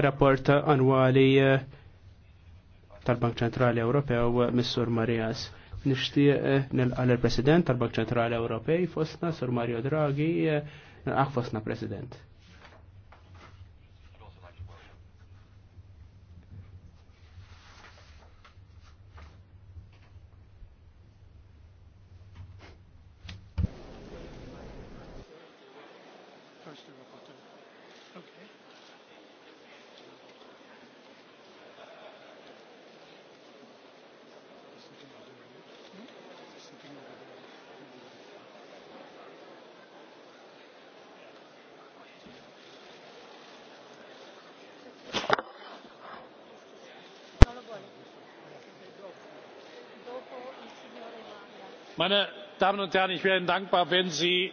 rapport annwali eh, tal-Bank Ċentrali Ewropew eh, Missur sur Marias. Nixtieq eh, nilqa' l-President tal-Bank Ċentrali Ewropej fostna Sur Mario Draghi, nilqa' fostna President. Meine Damen und Herren, ich wäre Ihnen dankbar, wenn Sie.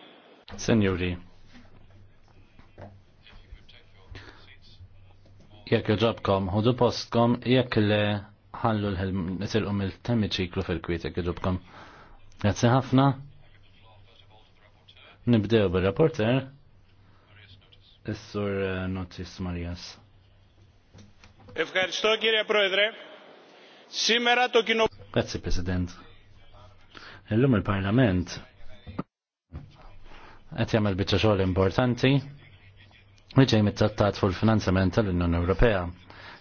Senjuri. Jekk iġobkom, ħudu postkom, jekk le ħallu l ħelm il-temmi ċiklu fil-kwiet, jekk iġobkom. Grazie ħafna. Nibdew bil-rapporter. Is-sur eh, Notis Marias. Ευχαριστώ κύριε Πρόεδρε. Σήμερα το κοινό... Grazie Presidente. Illum il-Parlament qed jagħmel biċċa xogħol importanti li ġej mit-trattat fuq il-finanzjament tal-Unjoni Ewropea.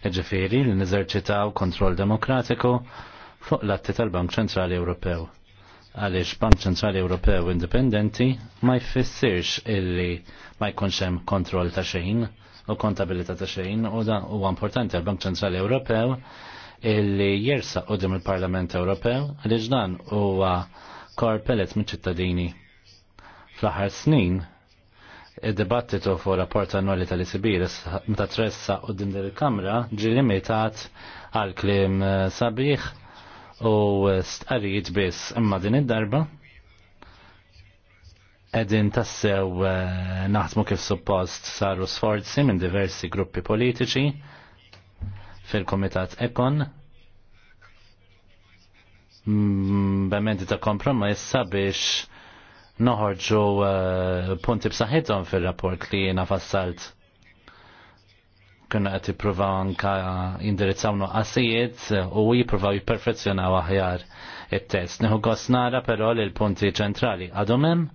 Jiġifieri li niżerċitaw kontroll demokratiku fuq l-atti tal-Bank Ċentrali Ewropew. Għaliex Bank Ċentrali Ewropew indipendenti ma jfissirx illi ma jkunx hemm kontroll ta' xejn u kontabilità ta' xejn u da huwa importanti għall-Bank Ċentrali Ewropew illi jersa dim il-Parlament Ewropew li ġdan huwa korpelet minn ċittadini. Fl-aħħar snin, id-dibattitu fuq rapport annwali tal-ICB meta tressa u din il-Kamra ġi limitat għal kliem eh, sabiħ u stqarijiet biss imma din id-darba edin tassew eh, naħdmu kif suppost saru sforzi minn diversi gruppi politiċi fil-Komitat Ekon mm, Bementi ta' kompromessa biex noħorġu eh, punti b'saħħithom fil-rapport li jiena fassalt. Kuna qed jippruvaw anka jindirizzaw nuqqasijiet eh, u jippruvaw jipperfezzjonaw aħjar it-test. Nieħu gost però li l-punti ċentrali għadhom hemm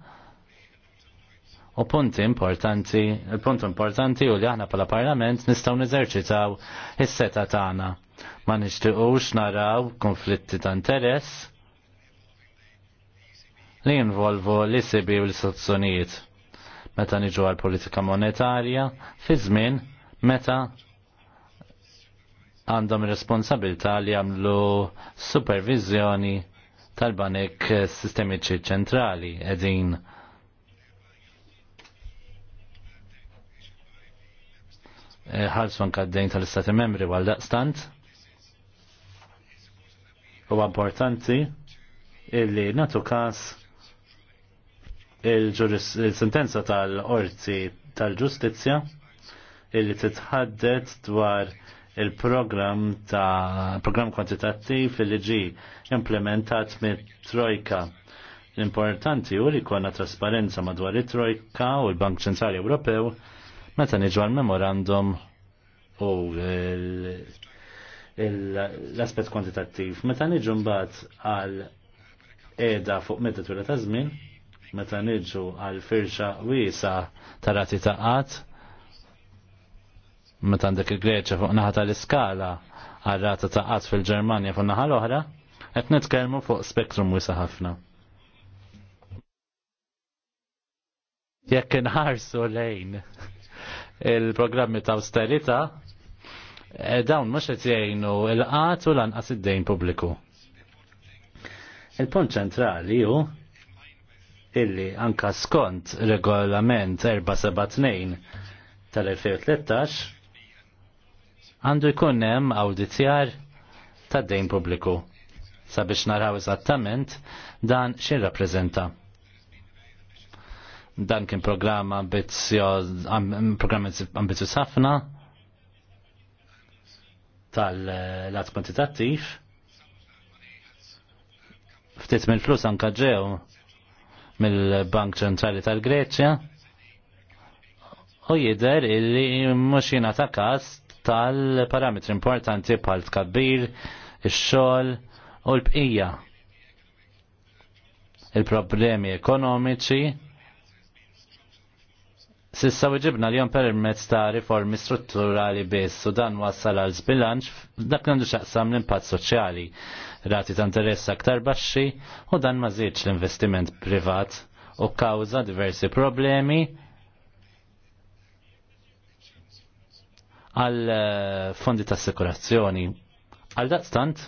U punti importanti, il-punt importanti u li aħna pala parlament nistaw nizerċitaw is-seta tagħna. Ma nishtiqux naraw konflitti ta' interess li jinvolvu l-ICB u l-istituzzjonijiet meta niġu għal politika monetarja fi żmien meta għandhom responsabilità li għamlu supervizjoni tal-banek sistemiċi ċentrali edin ħalsu kaddejn tal-Istati Membri għal daqstant. U importanti illi natu kas il-sentenza il sentenza tal tal-ġustizja illi titħaddet dwar il-program ta' program kwantitattiv illi ġi implementat mit trojka L-importanti u li konna trasparenza madwar it-Trojka u l-Bank Ċentrali Ewropew Meta niġu għal-memorandum u l-aspet kwantitattiv, meta niġu mbagħad għal edha fuq meta twila ta' żmien, meta niġu għal firxa wiesa ta' rati ta' qatt, meta għandek il-Greċja fuq naħa tal-iskala għal rata ta' qatt fil-Ġermanja fuq naħa l-oħra, qed nitkellmu fuq spektrum wiesa ħafna. jekk inħarsu lejn il-programmi ta' austerita, eh, dawn mux qed jgħinu il-qat u lanqas id-dejn pubbliku. Il-punt ċentrali hu illi anka skont regolament 472 tal-2013 għandu jkun hemm awdizjar tad-dejn pubbliku sabiex naraw eżattament dan xi rappreżenta. Dan kien programm ambizjuż ambizjuż ħafna tal-lat kwantitattiv. Ftit mill-flus anka ġew mill-Bank Ċentrali tal-Greċja u jidher illi mhux ta' każ tal-parametri importanti bħal tkabbir, ix-xogħol u l-bqija. Il-problemi ekonomiċi Sissa uġibna li jom permezz ta' riformi strutturali biss u dan wassal għal zbilanċ dak għandu xaqsam l-impatt soċjali, rati ta' interess aktar baxxi u dan ma l-investiment privat u kawza diversi problemi għal eh, fondi ta' assikurazzjoni. Għal daqstant,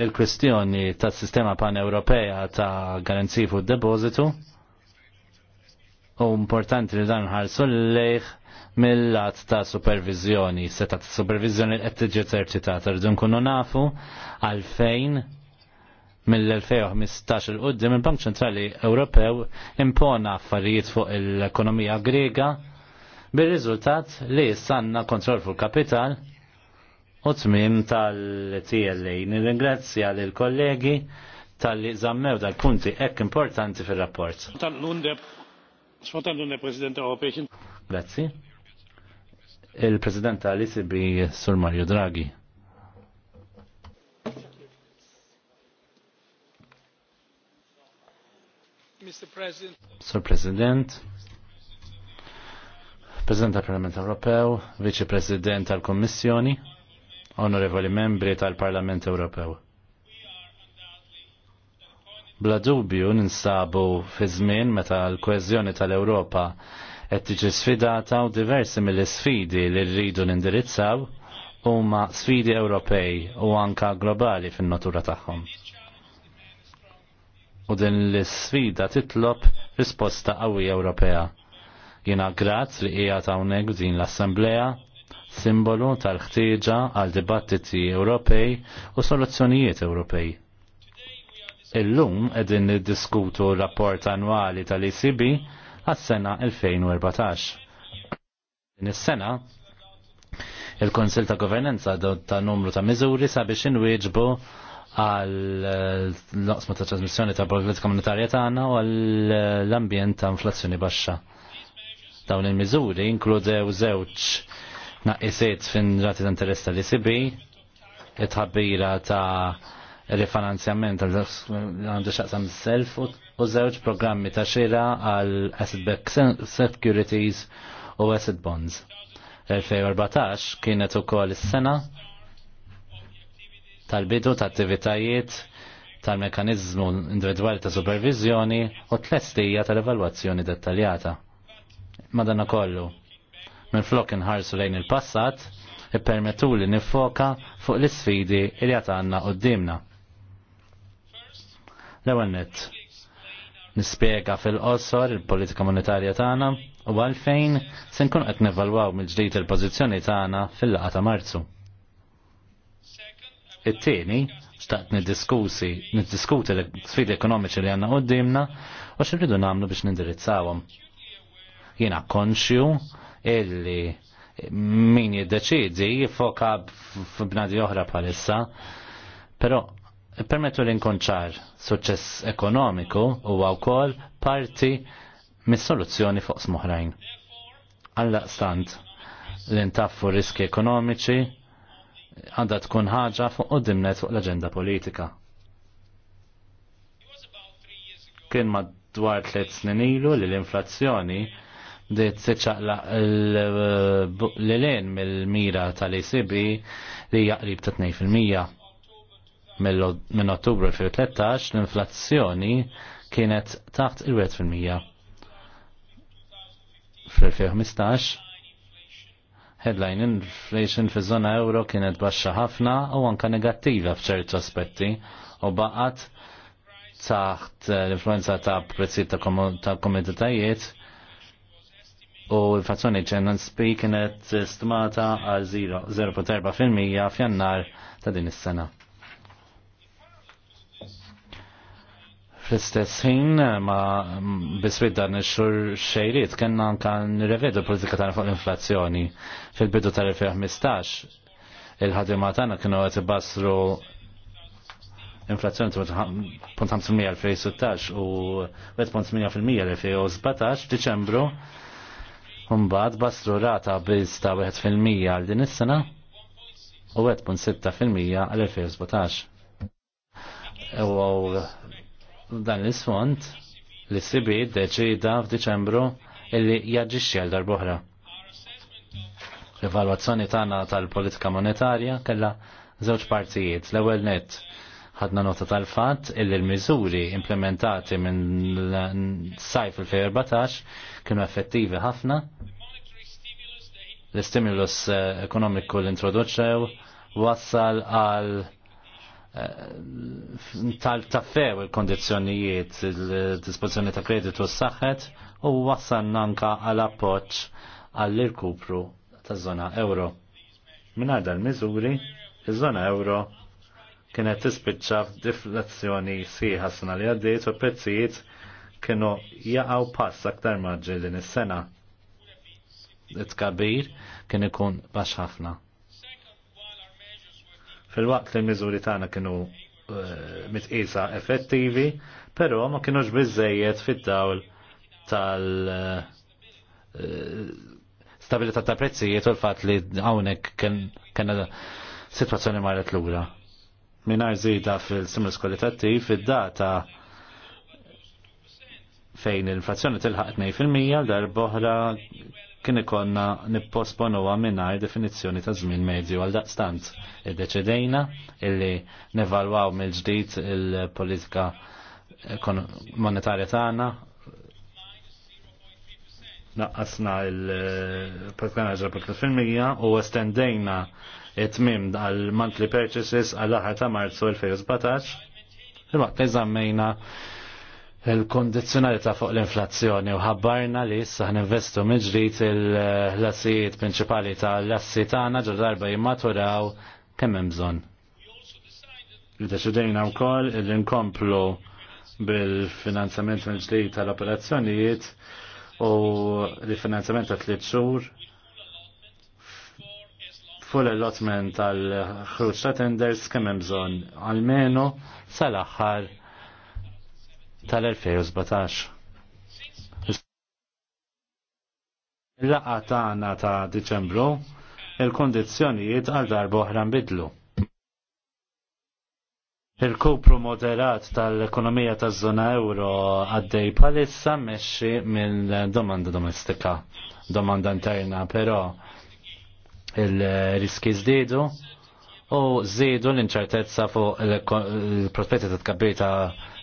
il-kwestjoni ta' sistema pan-Ewropea ta' garanziji fuq depositu u importanti li dan ħarsu l-lejħ mill-lat ta' supervizjoni, seta ta' supervizjoni qed tiġi eżerċitata, rridu nkunu nafu għalfejn mill-2015 il-qoddim il-Bank Ċentrali Ewropew impona affarijiet fuq l-ekonomija Griega bir-riżultat li sanna kontroll fuq kapital u tmim tal-TLA. Nirringrazzja lill kollegi tal-li zammew dal-punti ek importanti fil-rapport. Grazie. Il-President Alice B. Sur Mario Draghi. Mr. President. Sir President. President tal-Parlament Ewropew, Viċi President tal-Kommissjoni, Onorevoli Membri del Parlamento Europeo. Bla dubju ninsabu fi żmien meta l kweżjoni tal-Ewropa qed tiġi sfidata u diversi mill-isfidi li rridu nindirizzaw huma sfidi Ewropej u anka globali fin-natura tagħhom. U din l-sfida titlob risposta qawwija Ewropea. Jiena grazz li hija hawnhekk din l assemblea simbolu tal-ħtieġa għal dibattiti Ewropej u soluzzjonijiet Ewropej illum edin diskutu rapport annwali tal-ECB għas-sena 2014. Din is-sena il-Konsil ta' Governanza ta' numru ta' miżuri sabiex inwieġbu għal noqsma eh, ta' trasmissjoni ta' politika Komunitarja tagħna u għall eh, ambjent ta' inflazzjoni baxxa. Dawn il-miżuri inkludew żewġ naqisiet fin rati ta' interess tal-ECB, it-ħabbira ta' rifinanzjament għandu xaqsam self u żewġ programmi ta' xira għal asset back securities u asset bonds. 2014 kienet ukoll is-sena tal-bidu ta' attivitajiet tal-mekanizmu individwali ta' supervizjoni u tlestija tal-evalwazzjoni dettaljata. Madonna kollu, minn flok inħarsu lejn il-passat, ippermetu li nifoka fuq l-sfidi li għatanna dimna L-ewwel nett nispjega fil qossor il-politika monetarja tagħna u għalfejn se nkun qed nevalwaw mill-ġdid il-pożizzjoni tagħna fil-laqgħa ta' Marzu. It-tieni xtaqt niddiskusi, niddiskuti l-sfidi ekonomiċi li għanna għoddimna u xirridu namlu biex nindirizzawhom. Jiena konxju illi min jiddeċidi jifoka f'bnadi oħra palissa, però Permettu li nkunċar suċċess ekonomiku huwa wkoll parti mis-soluzzjoni fuq smuħrajn. Alla stant, l riski ekonomiċi għandha tkun ħaġa fuq u dimnet fuq l-aġenda politika. Kien madwar tliet snin ilu li l-inflazzjoni di t l-lin mill-mira tal-ECB li jaqrib ta' 2% minn Ottubru 2013 l-inflazzjoni kienet taħt il-1%. Fl-2015 headline inflation fi zona euro kienet baxxa ħafna u anka negattiva f'ċertu aspetti u baqgħet taħt eh, l-influenza ta' prezzi ta' komoditajiet u l-fazzjoni spi kienet stimata għal 0.4% f'jannar ta' din is-sena. Fl-istess ħin eh, ma mm, biswid dan ix-xhur xejriet kellna anke nirrevedu l-politika tagħna fuq l-inflazzjoni. Fil-bidu tal-2015 il-ħadima tagħna kienu qed ibassru inflazzjoni fil u 1.8% l-2017 f'Diċembru mbagħad basru rata biz ta' 1% għal din is-sena u 1.6% għal 2017 dan l-isfond li s sibi deċida f'Diċembru illi jaġixxi għal darbohra. L-evalwazzjoni tagħna tal-politika monetarja kellha żewġ partijiet. L-ewwel nett ħadna nota tal-fatt illi l-miżuri implementati minn sajf il-2014 kienu effettivi ħafna. L-istimulus eh, ekonomiku l-introduċew wassal għal tal-taffew il-kondizjonijiet il disposizjoni ta' kreditu s-saxħet u wassan nanka għal-appoċ għall-irkupru ta' zona euro. Minar dal-mizuri, iż-zona euro kienet tispiċċa deflazzjoni siħa sena li għaddiet u prezzijiet kienu jaqaw pass aktar maġġi din is-sena. It-kabir kien ikun baxħafna. ħafna Fil-waqt li l-miżuri tagħna kienu eh, mitqisa effettivi, però ma kienux biżejjed fid-dawl tal eh, stabilità ta' prezzijiet u l-fatt li hawnhekk kena situazzjoni marret lura. Minar żieda fil-stimulus skolitattiv, fil data fejn l-inflazzjoni tilħaq 2% l-darboħra kien ikonna nipposponuha mingħajr definizjoni ta' żmien medju għal daqstant. Iddeċidejna illi nevalwaw mill ġdijt il-politika monetarja tagħna naqqasna il-patkana ġabak fil-mija u estendejna it mim għal monthly purchases għal aħar ta' marzu 2017 il-waqt eżammejna il-kondizjonalità fuq l-inflazzjoni u ħabbarna li issa ħninvestu miġrit il-ħlasijiet prinċipali tal lassi tagħna ġo darba jimmaturaw kemm hemm bżonn. Deċidejna wkoll li nkomplu bil-finanzjament mill-ġdid tal-operazzjonijiet u l finanzament ta' tliet xhur full allotment tal-ħruġ ta' tenders kemm hemm bżonn, almenu sal-aħħar tal-2017. Il-laqa tagħna ta' Diċembru il-kondizzjonijiet għal darba oħra nbidlu. Il-kupru moderat tal-ekonomija ta' zona euro għaddej palissa meċi minn domanda domestika, domanda interna, pero il-riski zdidu u żiedu l-inċertezza fuq il-prospetti ta' tkabbir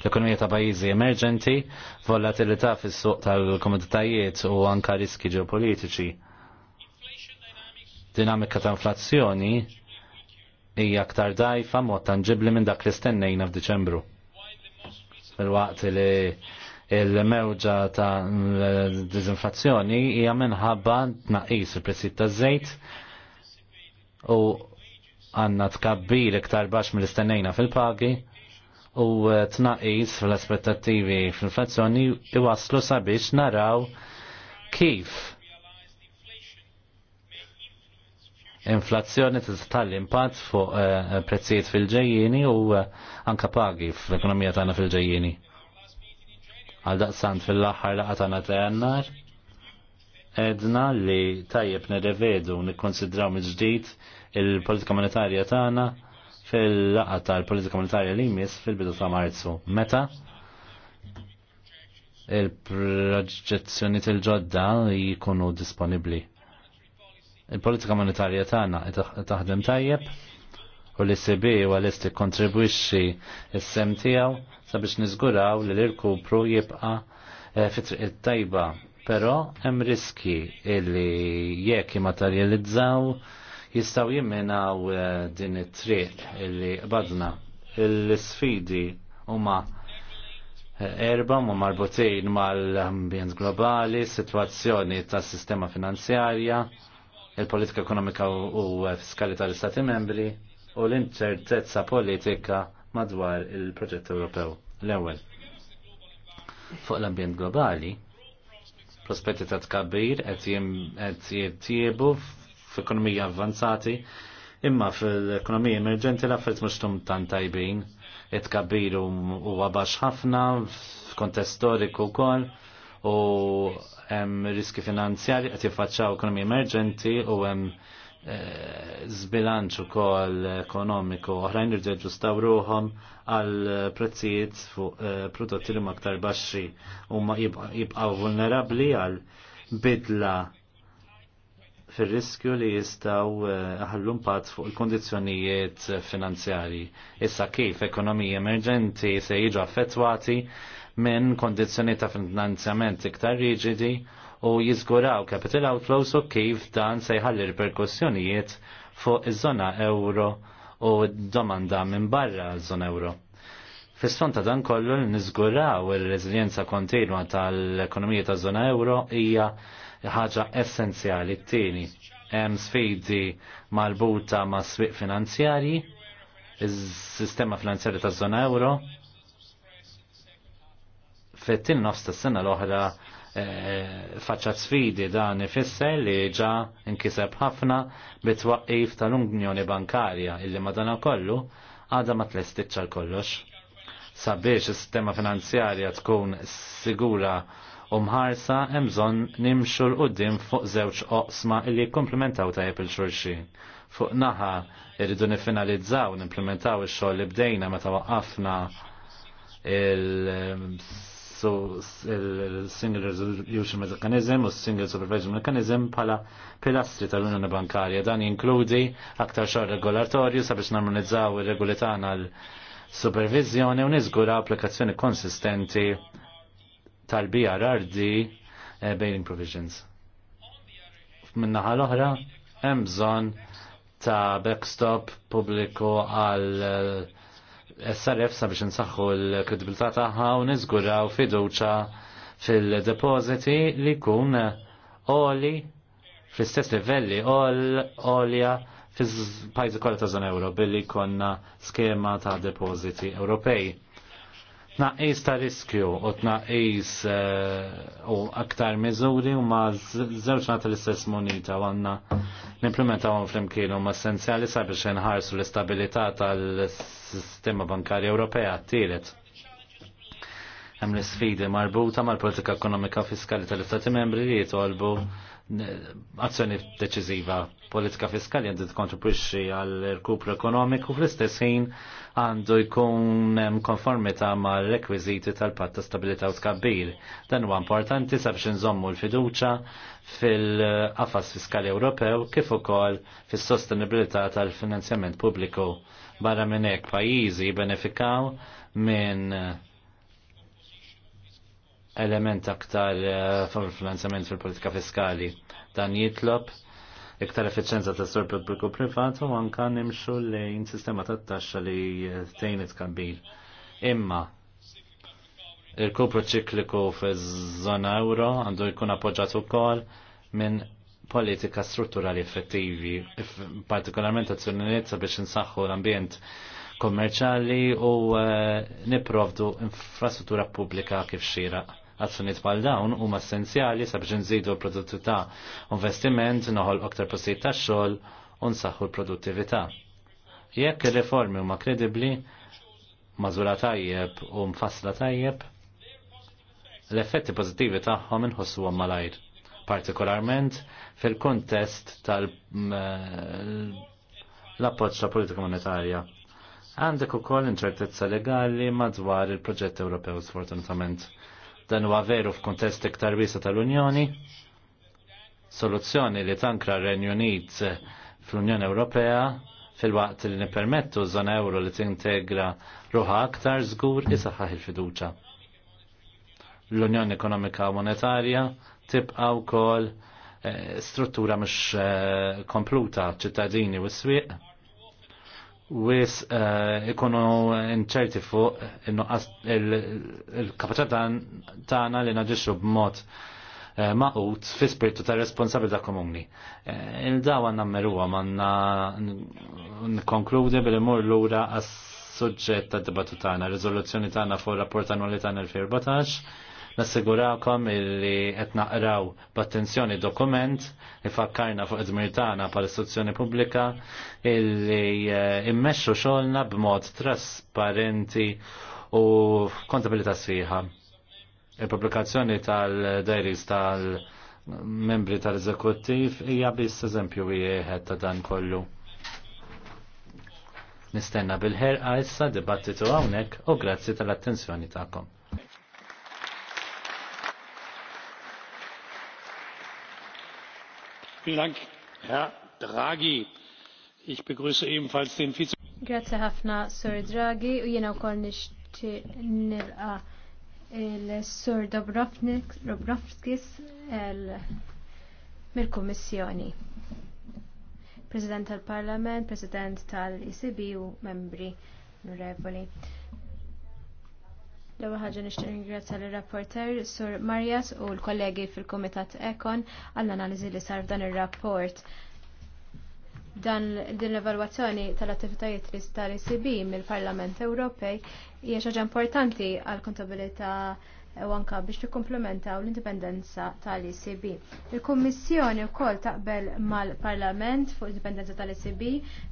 l-ekonomija ta' pajjiżi emerġenti, volatilità fis-suq tal-komoditajiet u anka riski ġeopolitiċi. Dinamika ta' inflazzjoni hija aktar dajfa mod tanġibli minn dak li stennejna f'Diċembru. Filwaqt waqt li il-mewġa ta' dizinflazzjoni hija minħabba tnaqis il-prezzijiet taż-żejt u għanna tkabbir iktar bax mill-istennejna fil-pagi u eh, tnaqis fl-aspettattivi fl-inflazzjoni iwaslu sabiex naraw kif inflazzjoni l impatt fuq eh, prezzijiet fil-ġejjini u eh, anka pagi fl-ekonomija tagħna fil-ġejjini. Għal daqsant fil-aħħar laqgħa tagħna ta' jannar edna li tajjeb nirrevedu nikkonsidraw mill-ġdid il-politika monetarja tagħna fil laqqa tal-politika monetarja li jmiss fil-bidu ta' marzu. Meta il-proġezzjoni il-ġodda jikunu disponibli. Il-politika monetarja tagħna taħdem tajjeb u l-ECB u għal kontribwixi s-sem tijaw sabiex nizguraw li l-irkupru jibqa eh, fitriq tajba pero hemm riski illi jekk immaterjalizzaw jistaw jimminaw eh, din it-triq illi badna. Il-sfidi huma eh, erba ma marbutin mal-ambjent globali, situazzjoni tas sistema finanzjarja, il-politika ekonomika u fiskali tal-Istati membri u l-inċertezza politika madwar il-proġett Ewropew. L-ewwel. Fuq l-ambjent globali, prospetti ta' tkabbir qed jittiebu f'ekonomija avvanzati, imma fil-ekonomija emerġenti l-affert mux tan tajbin, et kabiru u għabax ħafna, f'kontest storiku kol, u hemm riski finanzjari qed jiffaċċaw ekonomija emerġenti u hemm eh, zbilanċ ukoll ekonomiku oħrajn irġa' ġustaw ruhom għal prezzijiet fuq eh, prodotti li aktar baxxi u ma jibqgħu vulnerabbli għal bidla fil-riskju li jistaw eh, ħallum pat fuq il-kondizjonijiet finanzjari. Issa kif ekonomiji emerġenti se jiġu affettwati minn kondizjoni ta' finanzjament iktar riġidi u jizguraw capital outflows u kif dan se jħalli riperkussjonijiet fuq iż-żona euro u domanda minn barra iż-żona euro. Fis-sfond ta' dan kollu nizguraw il-reżiljenza kontinwa tal-ekonomija ta' żona euro hija ħaġa essenzjali t-tieni. Hemm sfidi marbuta ma' swieq finanzjarji, is-sistema finanzjarji taż-żona euro. Fettin tin nofs tas-sena l-oħra eh, faċċa sfidi dan ifisser li ġa nkiseb ħafna bit tal-Unjoni Bankarja illi madana kollu għada ma tlestiċċa kollox. Sabiex is-sistema finanzjarja tkun sigura u mħarsa hemm bżonn nimxu l qoddim fuq żewġ oqsma illi komplementaw ta' il-xulxin. Fuq naħa irridu nifinalizzaw nimplementaw ix-xogħol li bdejna meta waqqafna il- il-Single Resolution Mechanism u Single Supervision Mechanism pala pilastri tal-Unjoni Bankarja. Dan jinkludi aktar xar regolatorju sabiex normalizzaw ir regulitana tagħna l-supervizjoni u niżgura applikazzjoni konsistenti tal-BRRD eh, bailing provisions. Minna l-oħra, hemm bżonn ta' backstop pubbliku għal eh, SRF sabiex nsaxħu l-kredibilità tagħha u niżguraw fiduċa fil-depositi li kun oli fl-istess livelli olja fiż pajzi kollha ta' żona Ewro billi konna skema ta' depositi Ewropej tnaqqis ta' riskju u tnaqqis eh, u aktar miżuri u ma' zewġ nata l-istess monita u għanna nimplementaw għan flimkien u ma' essenzjali sabiex nħarsu l-istabilità tal-sistema bankarja Ewropea t-tielet. Hemm l-sfidi marbuta mal-politika ekonomika fiskali tal-Istati membri li jitolbu azzjoni deċiżiva politika fiskali għandu tkontribwixxi għal rkupru ekonomiku fl-istess ħin għandu jkun konformita ma' rekwiżiti tal-patt ta' stabilità u tkabbir. Dan huwa importanti sabiex nżommu l-fiduċa fil-qafas fiskali Ewropew kif ukoll fis-sostenibilità tal-finanzjament pubbliku. Barra minn hekk pajjiżi benefikaw minn element aktar eh, fil-finanzjament fil-politika fiskali Dan jitlob iktar effiċenza ta' sor pubbliku privat u anka nimxu lejn sistema ta' taxxa li tejn it Imma il-kupru ċikliku fiż-żona euro għandu jkun appoġġat ukoll minn politika strutturali effettivi, partikolarment azzjonijiet sabiex insaħħu l-ambjent kommerċali u uh, eh, niprovdu infrastruttura pubblika kif xieraq. Azzjoniet bħal dawn huma essenzjali sabiex nżidu l-produttività u investiment, noħol aktar postijiet tax-xogħol u nsaħħu l-produttività. Jekk ir-riformi huma kredibbli, mażura tajjeb u mfassla tajjeb, l-effetti pożittivi tagħhom inħossuhom malajr partikolarment fil-kontest tal mm, eh, ta' politika monetarja. Għandek ukoll inċertezza legali madwar il-proġett Ewropew sfortunatament. Dan huwa veru f'kuntest iktar wiesa tal-Unjoni, soluzzjoni li tankra r-Renju Unit fl-Unjoni Ewropea fil-waqt li nipermettu żona euro li tintegra ruħa aktar żgur saħħaħ il-fiduċa. L-Unjoni Ekonomika Monetarja tibqa' wkoll eh, struttura mhux eh, kompluta ċittadini u s-swieq wis eh, ikunu inċerti fuq il-kapacità tagħna li naġixxu b'mod eh, maqut fi spiritu ta' responsabilità komuni. Eh, Il-dawa nammeruwa manna nkonkludi bil imur lura għas suġġett ta' debattu tagħna, riżoluzzjoni tagħna fuq rapport annwali tagħna 2014 Nassigurawkom illi qed naqraw b'attenzjoni dokument li fakkarna fuq id-dmir tagħna pal istituzzjoni pubblika illi eh, immexxu xogħolna b'mod trasparenti u kontabilità sħiħa. Il-pubblikazzjoni tal-dairies tal-membri tal-eżekuttiv hija biss eżempju wieħed ta' dan kollu. Nistenna bil-ħerqa issa dibattitu hawnhekk u grazzi tal-attenzjoni tagħkom. Vielen Grazie ħafna, Sir Draghi, u jena u koll nishti nilqa il-Sir Dobrovskis mill-Kommissjoni. President tal-Parlament, President tal-ECB u membri onorevoli. L-ewwel ħaġa nixtieq ringrazzja lir-rapporter Sur Marjas u l-kollegi fil-Kumitat Ekon għall-analiżi li sar f'dan ir-rapport. Dan din l-evalwazzjoni tal-attivitajiet li tal-ECB mill-Parlament Ewropej hija xaġa importanti għall-kontabilità u anka biex tikkomplementaw l-indipendenza tal-ECB. il kummissjoni wkoll taqbel mal-Parlament fuq l-indipendenza tal-ECB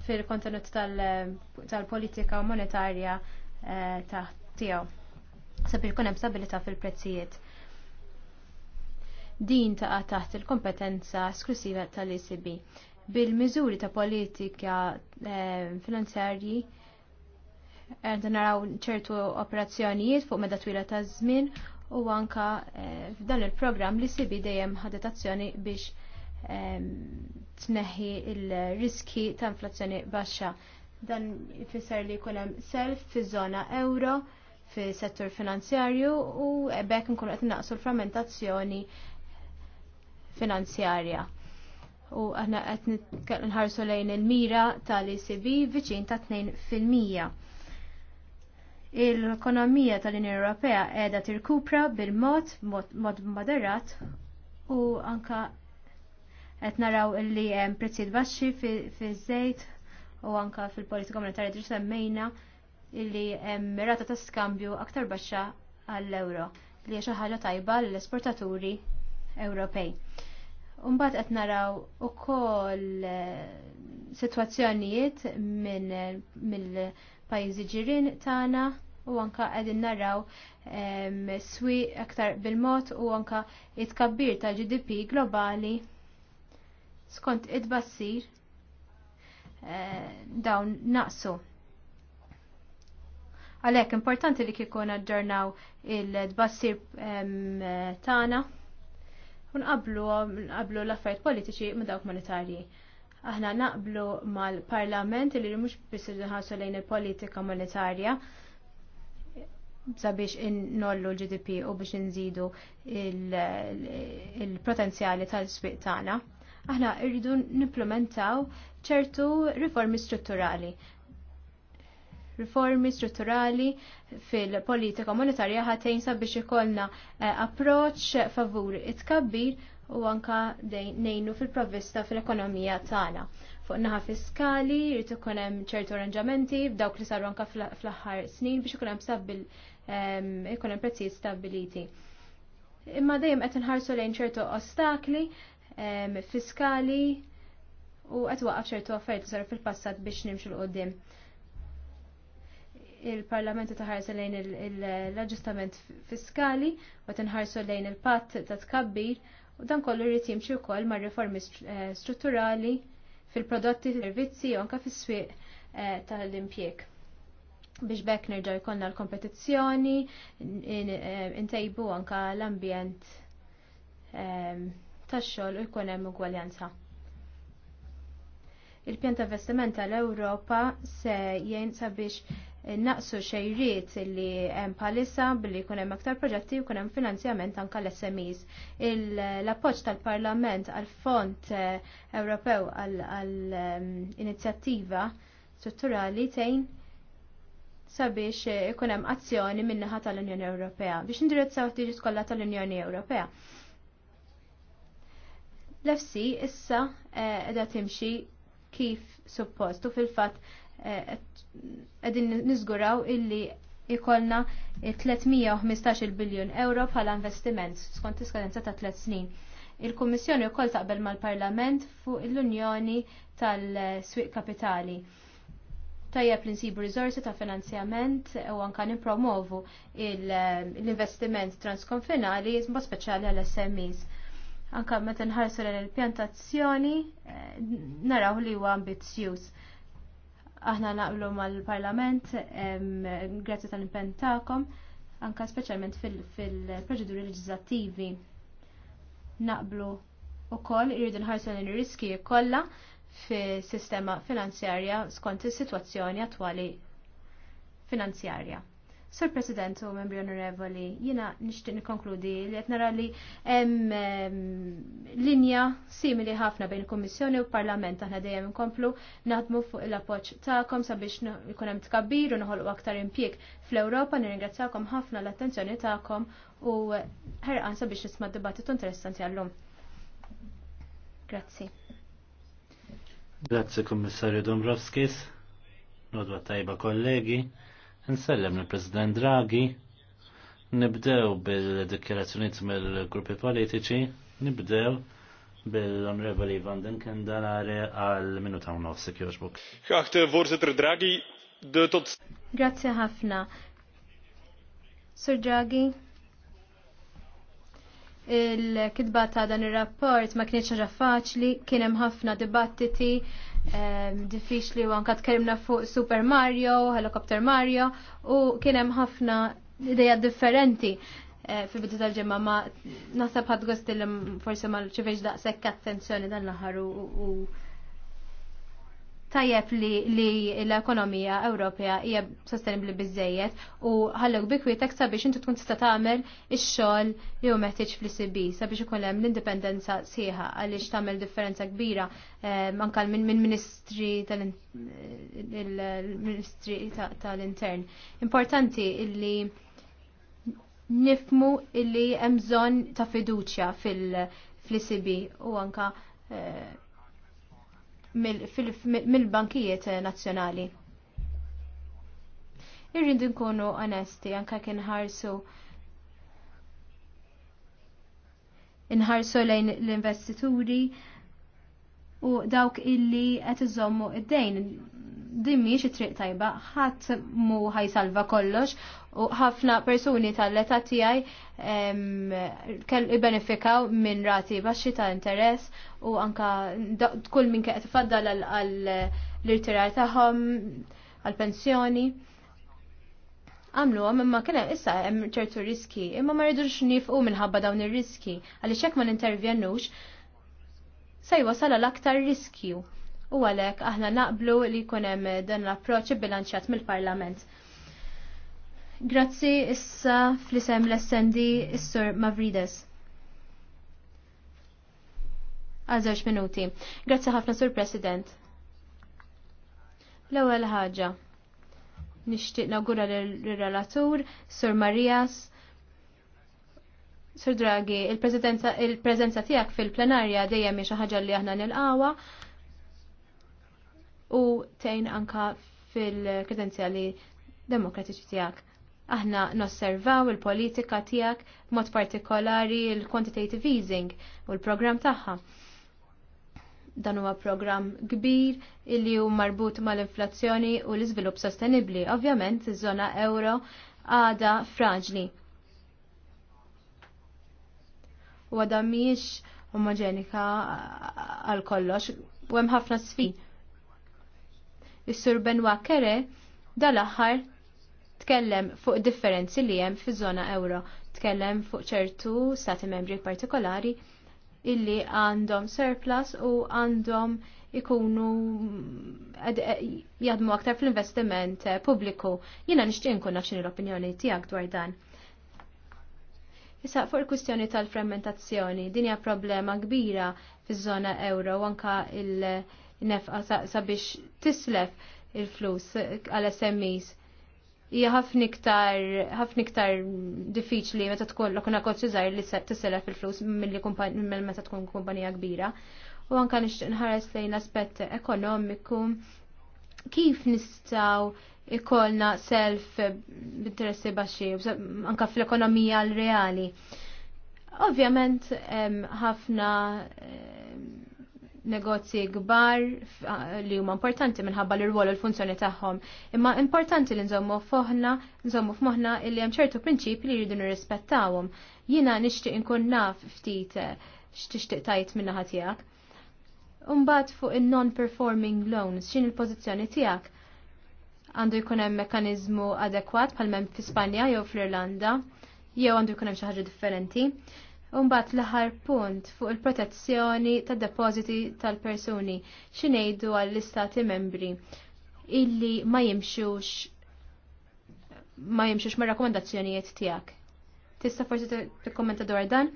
fil-kontenut tal-politika monetarja eh, taħt tiegħu sabir kun hemm stabilità fil-prezzijiet. Din taqa' taħt il-kompetenza esklusiva tal-ECB. Bil-miżuri ta' politika eh, finanzjarji qed eh, naraw ċertu operazzjonijiet fuq meda twila ta' żmien u anka eh, f'dan il-programm li sibi e dejjem ħadet azzjoni biex tneħħi il-riski ta' inflazzjoni baxxa. Dan ifisser li jkun hemm self fiż-żona euro fi settur finanzjarju u bekk nkun qed naqsu l-frammentazzjoni finanzjarja. U aħna qed nħarsu lejn il-mira tal-ECB viċin ta' 2%. Il-ekonomija tal-Unjoni Ewropea qiegħda tirkupra bil-mod mod moderat u anka qed naraw li hemm prezzijiet baxxi fiż-żejt u anka fil-politika monetarja diġ semmejna illi hemm rata ta' skambju aktar baxxa għall-euro li hija xi ħaġa tajba l-esportaturi Ewropej. Umbagħad qed naraw ukoll eh, sitwazzjonijiet minn mill-pajjiżi ġirien tagħna u anka qegħdin naraw swi aktar bil-mod u anka it-kabbir tal-GDP globali skont it-bassir eh, dawn naqsu Għalhekk importanti li kikon għadġarnaw il-tbassir tagħna u nqablu l-affarijiet politiċi ma' dawk monetarji. Aħna naqblu mal-Parlament li mhux biss nħassu lejn il-politika monetarja sabiex innollu l-GDP u biex nżidu il-potenzjali tal-sbiq tagħna aħna irridu nipplementaw ċertu riformi strutturali riformi strutturali fil-politika monetarja ħatejn sabiex ikollna eh, approċ favur it-kabbir u anka nejnu fil-provvista fil-ekonomija tagħna. Fuq naħa fiskali jrid ikun hemm ċertu arranġamenti f'dawk li saru anka fl-aħħar snin biex ikun hemm stabil ehm, ikun hemm prezzijiet stabiliti. Imma dejjem qed inħarsu lejn ċertu ostakli ehm, fiskali u qed waqaf ċertu affarijiet saru fil-passat biex nimxu l-qudiem il-Parlamentu taħarsu lejn l-aġġustament fiskali u tinħarsu lejn il-patt ta' tkabbir u dan kollu jrid jimxi wkoll ma' riformi eh, strutturali fil-prodotti, servizzi u anke fis-swieq eh, tal-impjeg. Biex bekk nerġa' jkollna l-kompetizzjoni, eh, intejbu anke l-ambjent ehm, tax-xogħol u jkun hemm ugwaljanza il-pjan ta' investiment tal-Ewropa se jgħin sabiex naqsu xejriet li hemm palissa billi jkun hemm aktar proġetti u jkun hemm finanzjament anke l-SMEs. L-appoġġ tal-Parlament għal fond eh, Ewropew għall ehm, inizjattiva strutturali tgħin sabiex eh, ikun hemm azzjoni min-naħa tal-Unjoni Ewropea biex indirizzaw tiġi kollha tal-Unjoni Ewropea. L-FC issa qiegħda eh, timxi kif suppost u fil-fatt għedin nizguraw illi ikolna 315 biljon euro bħala investiment skont iskadenza ta' 3 snin. Il-Kummissjoni wkoll taqbel mal-Parlament fuq l-Unjoni tal-Swiq Kapitali. Tajjeb li nsibu risorsi ta' finanzjament u anka nippromovu l-investiment transkonfinali jisba speċjali għal SMEs. Anka meta nħarsu l-pjantazzjoni eh, naraw li huwa ambizzjuż aħna naqblu mal-parlament, grazzi tal-impen ta'kom, anka specialment fil-proċeduri leġislattivi. Naqblu u koll irridu nħarsu l-riski kollha fi sistema finanzjarja skont is-sitwazzjoni attwali finanzjarja. Sur President u membri onorevoli, jina nishtiq nikonkludi li qed nara li hemm linja simili ħafna bejn il-Kummissjoni u l-Parlament aħna dejjem inkomplu naħdmu fuq l-appoġġ tagħkom sabiex ikun hemm tkabbir u noħolqu aktar impjieg fl-Ewropa. Nirringrazzjakom ħafna l-attenzjoni tagħkom u ħerqan sabiex nisma' dibattitu interessanti għallum. Grazzi. Grazzi Kummissarju Dombrovskis, nodwa tajba kollegi. Nsellem il-President Draghi, nibdew bil-dikjerazzjoniet mill-gruppi politiċi, nibdew bil-Onorevoli Van den Kendanare għal minuta u nofs kjoġbuk. Ħaħt Vorsitr Draghi, tot. Grazie ħafna. Sur Draghi, il kitba ta' dan ir rapport ma kienx ħaġa faċli, kien hemm ħafna dibattiti diffiċli u anka tkellimna fuq Super Mario, Helicopter Mario u kien hemm ħafna ideja differenti eh, fi bidu tal-ġemma ma nasab ħadgost li forsi ma ċivex daqsek attenzjoni dan l-aħħar u tajjeb li, li l-ekonomija Ewropea hija sostenibbli biżejjed u ħallok bikwitek sabiex inti tkun tista' tagħmel ix-xogħol li hu meħtieġ fl sabiex ikun hemm l-indipendenza sieħa għaliex tagħmel differenza kbira eh, anke minn ministri tal-ministri tal-intern. Importanti li nifmu li hemm bżonn ta' fiduċja fil-ICB u anka eh, mill-bankijiet eh, nazzjonali. Irridu nkunu onesti, anka kien ħarsu inħarsu lejn l-investituri u dawk illi qed iżommu id-dejn Dimmi xie triq tajba, ħadd mu ħajsalva kollox u ħafna persuni tal leta tiegħi kell benefikaw minn rati baxxi ta' interess u anka kull min qed ifaddal għall-irtirar tagħhom għall-pensjoni. Għamlu għam imma kena issa hemm ċertu riski, imma ma rridux nifqu minnħabba dawn ir-riski, għaliex hekk ma n-intervjennux, sajwa sala l-aktar riskju u għalhekk aħna naqblu li jkun hemm dan l approċ bilanċat mill-Parlament. Grazzi issa fl-isem l-SND is-Sur Mavrides. Għal żewġ minuti. Grazzi ħafna Sur President. L-ewwel ħaġa. Nixtieq nagura l relatur Sur Marias. Sur Draghi, il-prezenza il tiegħek fil-plenarja dejjem xi ħaġa li aħna nilqawha u tejn anka fil-kredenzjali demokratiċi tiegħek aħna nosservaw il-politika tijak mod partikolari il-quantitative easing u l-program taħħa. Dan huwa program kbir illi hu marbut mal-inflazzjoni u l-iżvilupp sostenibbli. Ovvjament iż-żona euro għada fraġli. U għada miex omogenika għal kollox u hemm ħafna sfid Is-Sur Benoit Kere dal-aħħar tkellem fuq differenzi li hemm fiż-żona euro, tkellem fuq ċertu stati membri partikolari illi għandhom surplus u għandhom ikunu eh, eh, jadmu aktar fl-investiment eh, pubbliku. Jina nixtieq inkun naf x'inhi l-opinjoni tiegħek dwar dan. Issa fuq il-kwistjoni tal-frammentazzjoni, din hija problema kbira fiż-żona euro u anka il- nefqa sabiex tislef il-flus għal SMEs. Hija ħafna iktar diffiċli meta tkun l negozju żgħir li tiselef il-flus milli meta tkun kumpanija kbira. U anke nixtieq nħares lejn aspett ekonomiku kif nistgħu ikolna self b'interessi baxxi anke fl-ekonomija l-reali. Ovvjament ħafna negozji kbar li huma importanti minħabba l rwol u l-funzjoni tagħhom. Imma importanti li nżommu foħna, nżommu f'moħħna li hemm ċertu prinċipi li jridu nirrispettawhom. Jiena nixtieq inkun naf ftit eh, x'tixtieq tajt naħa tiegħek. Umbagħad fuq in-non-performing loans, x'in il-pożizzjoni tiegħek? Għandu jkun hemm mekkaniżmu adekwat bħal fi Spanja jew fl-Irlanda, jew għandu jkun hemm xi ħaġa differenti. Umbat l-ħar punt fuq il-protezzjoni tad depositi tal-persuni xinejdu għall-istati membri illi ma jimxux ma jimxux ma rakkomandazzjonijiet tijak. Tista forsi t-kommenta dwar dan?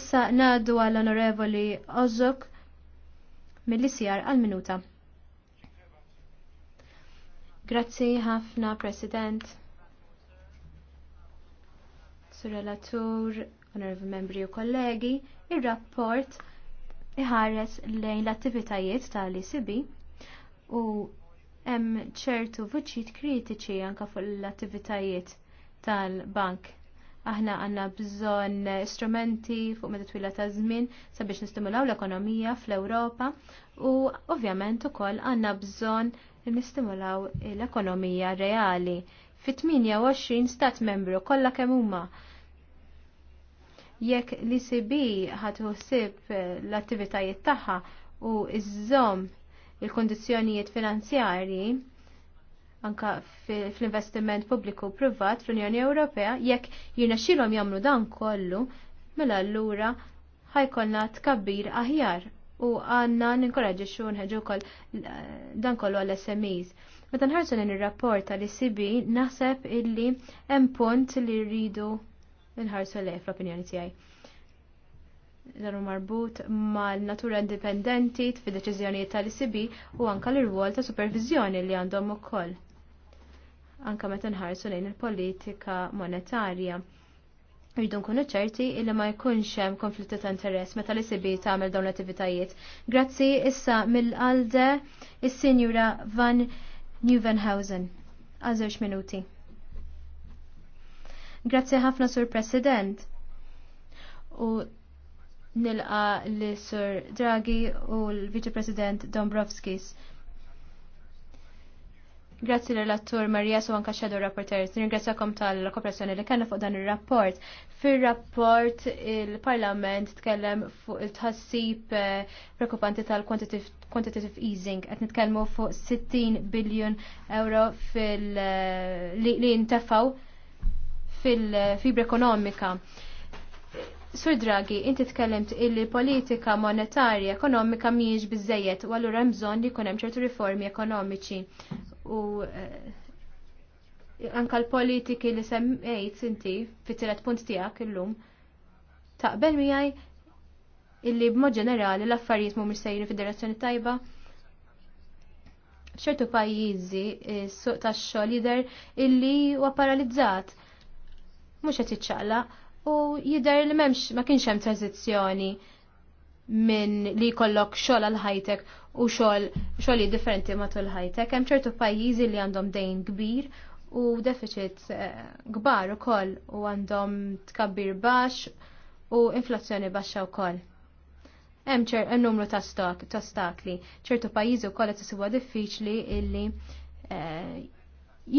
Issa nadu għall-onorevoli Ozzok mill-ICR għal-minuta. Grazzi ħafna, President, Sur Relatur, onorevoli membri u kollegi, ir-rapport iħares lejn l-attivitajiet tal icb u hemm ċertu vuċċijiet kritiċi anke fuq l-attivitajiet tal-bank. Aħna għandna bżonn strumenti fuq meta twila ta' żmien sabiex nistimulaw l-ekonomija fl-Ewropa u ovvjament ukoll għandna bżonn nistimulaw l-ekonomija reali. Fit-28 stat membru kollha kemm huma jekk l-ICB ħatħossib eh, l-attivitajiet tagħha u iżżomm il kundizzjonijiet finanzjarji anka fl-investiment pubbliku u privat fl-Unjoni Ewropea, jekk jirnexxilhom jagħmlu dan kollu, mela allura ħajkolna tkabbir aħjar u għanna xun nħeġu wkoll eh, dan kollu għall SMEs. Meta nħarsu l rapport tal-ICB naħseb illi hemm punt li rridu inħarsa lej fl-opinjoni tiegħi. Dan hu marbut mal-natura indipendenti fi deċiżjonijiet tal-ICB u anka l-irwol ta' supervizjoni li għandhom ukoll. Anka meta nħarsu lejn il-politika monetarja rridu nkunu ċerti illi ma jkunx hemm konflitti ta' interess meta li sibi tagħmel dawn l-attivitajiet. Grazzi issa mill alde is-Sinjura Van Nieuwenhausen. Għal minuti. Grazzi ħafna sur President. U nilqa li sur Draghi u l-Vice President Dombrovskis. Grazzi l-relatur Marija su anka Shadow Rapporteurs. Ringrazzakom tal-kooperazzjoni li kellna fuq dan ir-rapport. Fir-rapport il-Parlament tkellem fuq il-tħassib eh, preoccupanti tal-quantitative easing. Qed nitkellmu fuq 60 biljun euro fil- eh, li, li intefaw fil-fibra ekonomika. Sur Draghi, inti tkellimt illi politika monetarja ekonomika mhijiex biżejjed u allura hemm bżonn li jkun hemm ċertu riformi ekonomiċi. U eh, anka l-politiki li semmejt inti fit-tielet punt tiegħek illum taqbel miegħi illi b'mod ġenerali l-affarijiet mhumiex sejri fid-direzzjoni tajba. ċertu pajjiżi eh, s-suq tax-xogħol jidher illi huwa paralizzat mhux qed jiċċaqla u jidher li m'hemmx ma kienx hemm tranzizzjoni minn li jkollok xogħol għal ħajtek u xogħol xogħol differenti matul ħajtek. Hemm ċertu pajjiżi li għandhom dejn kbir u deficit eh, kbar ukoll u għandhom tkabbir baxx u inflazzjoni baxxa wkoll. Hemm ċer numru ta' stok ta' stakli. ċertu pajjiżi wkoll qed isibuha diffiċli illi eh,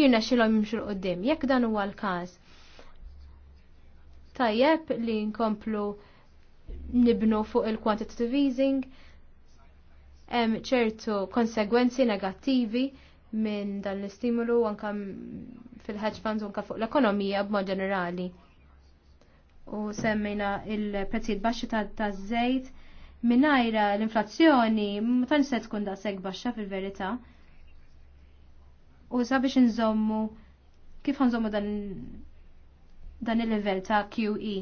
jirna xilhom jimxu qudiem. Jekk dan huwa l-każ, tajjeb li nkomplu nibnu fuq il-quantitative easing, hemm ċertu konsegwenzi negattivi minn dan l-istimulu anka fil-hedge funds anka fuq l-ekonomija b'mod ġenerali. U semmejna il-prezzijiet baxxi ta' żejt minajra l-inflazzjoni ma tantx se tkun daqshekk baxxa fil-verità. U sabiex nżommu kif nżommu dan dan il-level ta' QE.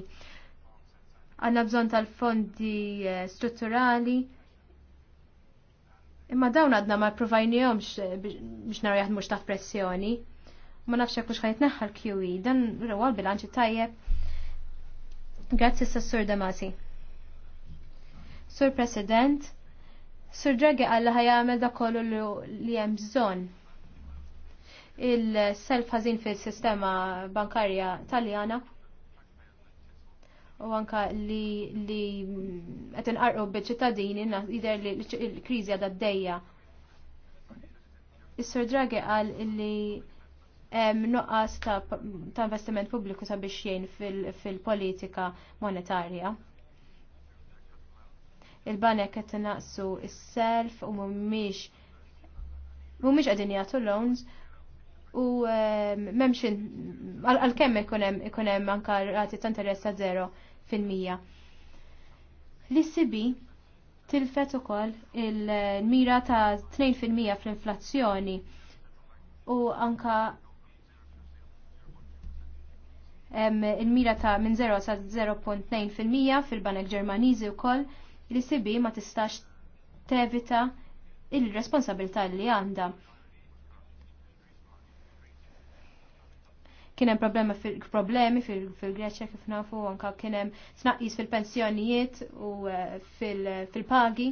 Għanna bżon tal-fondi eh, strutturali, imma dawn għadna ma provajnijomx eh, biex naraw jaħdmu ta' pressjoni. Ma nafx jekk mhux ħajtneħħa l-QE, dan għal bilanċi tajjeb. Grazzi s-sur Damasi. Sur President, Sur Draghi għalla ħajamel da kollu li hemm bżonn il-self ħażin fil-sistema bankarja taljana u anka li li qed inqarqu biċ-ċittadini jidher li l-kriżi għadha d-dejja. Is-Sur Draghi qal li hemm nuqqas ta' investiment pubbliku sabiex jgħin fil-politika monetarja. Il-banek qed inaqsu is-self u mhumiex mhumiex qegħdin jagħtu loans u memxin ehm, għal-kemm ikonem anka rati ta' interess ta' 0%. L-ICB tilfet ukoll il-mira ta' 2% fl-inflazzjoni u anka ehm, il-mira ta' minn 0 sa' 0.2% fil-Banek Ġermaniżi wkoll l-ICB ma tistax tevita il responsabilta li għandha kien hemm fil-problemi fil-Greċja kif nafu anka kien hemm fil-pensjonijiet u eh, fil-pagi.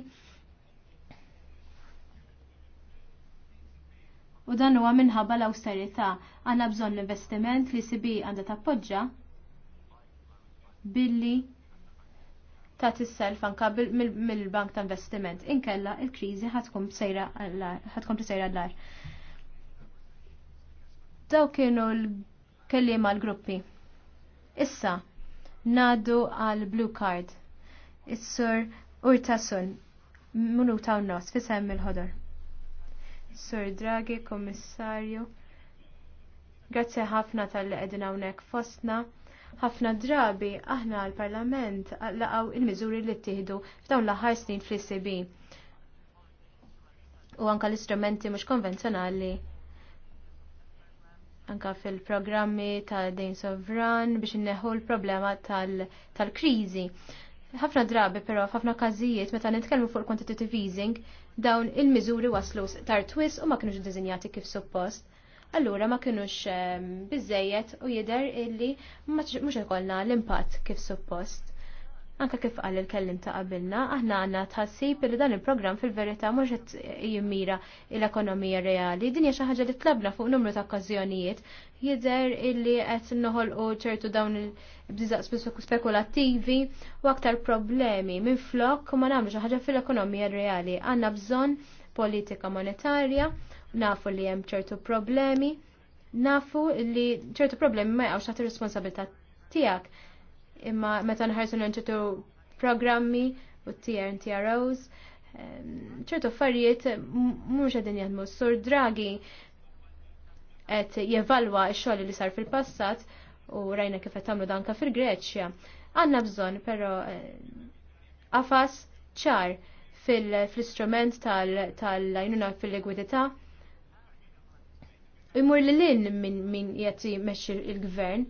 U dan huwa minħabba l-awsterità għandna bżonn investiment li sibi għandha tappoġġa billi ta' tisself anka mill-bank ta' investiment. Inkella il-krizi ħatkun sejra l-ar. Daw kienu l kelliem l gruppi Issa, nadu għal-blue card. Is-sur Urtasun, minuta u nos, fisem il-ħodor. Sur Draghi, Komissarju, Grazzi ħafna tal-li għedin għonek fostna. ħafna drabi aħna għal-parlament laqaw il-mizuri li t-tihdu f'dawn l-ħar snin fl-ICB. U anka l-istrumenti mux konvenzjonali anka fil-programmi ta' dejn sovran biex inneħu l-problema tal-krizi. Tal ħafna drabi però ħafna każijiet meta nitkellmu fuq quantitative easing dawn il-miżuri waslu tar twis u ma kienux dizinjati kif suppost. Allura ma kienux ehm, biżejjed u jidher illi mhux ikollna l-impatt kif suppost. Anka kif qal il-kellim ta' qabilna, aħna għanna tħassib li dan il-programm fil-verità mhux qed jimmira l-ekonomija reali. Dinja xaħġa xi ħaġa li tlabna fuq numru ta' okkażjonijiet jidher illi qed noħolqu ċertu dawn il-bżiżaq spekulattivi u aktar problemi minn flok ma nagħmlu xi ħaġa fil-ekonomija reali. Għanna bżonn politika monetarja, nafu li hemm ċertu problemi, nafu li ċertu problemi ma jgħawx taħt ir-responsabilità tiegħek imma meta nħarsu nċertu programmi u TROs, ċertu affarijiet mhux qegħdin jaħdmu. Sur Draghi qed jevalwa x-xogħol li sar fil-passat u rajna kif qed tagħmlu danka fil-Greċja. Għandna bżonn però qafas ċar fil-istrument tal-għajnuna fil-ligwidità imur li l-in minn jgħati meċi il-gvern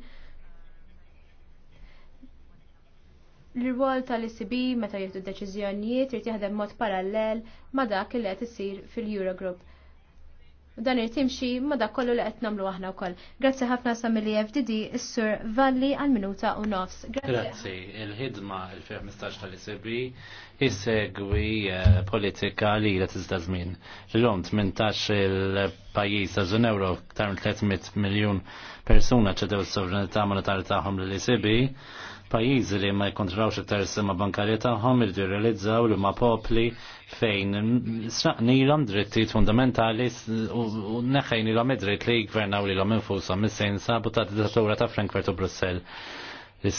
L-rwol tal-ECB meta jieħdu deċiżjonijiet irid jaħdem mod parallel ma' dak li qed isir fil-Eurogroup. Dan irid ma' dak kollu li qed nagħmlu aħna wkoll. Grazzi ħafna sa FDD, is-Sur Valli għal minuta u nofs. Grazzi. Il-ħidma il fermistax tal-ECB jissegwi eh, politika li jilet iżda żmien. L-lum 18 il-pajjiż ta' żun aktar ta' 300 miljun persuna ċedew is sovranità monetarja tagħhom lill-ECB Pajjiżi li ma jkontrawx it sema bankarja tagħhom irdu jirrealizzaw li ma popli fejn sraqnilhom drittijiet fundamentali u neħejnilhom id-dritt li jgvernaw lilhom infushom mis-sejn sabu ta' dittatura ta' Frankfurt u Brussell. l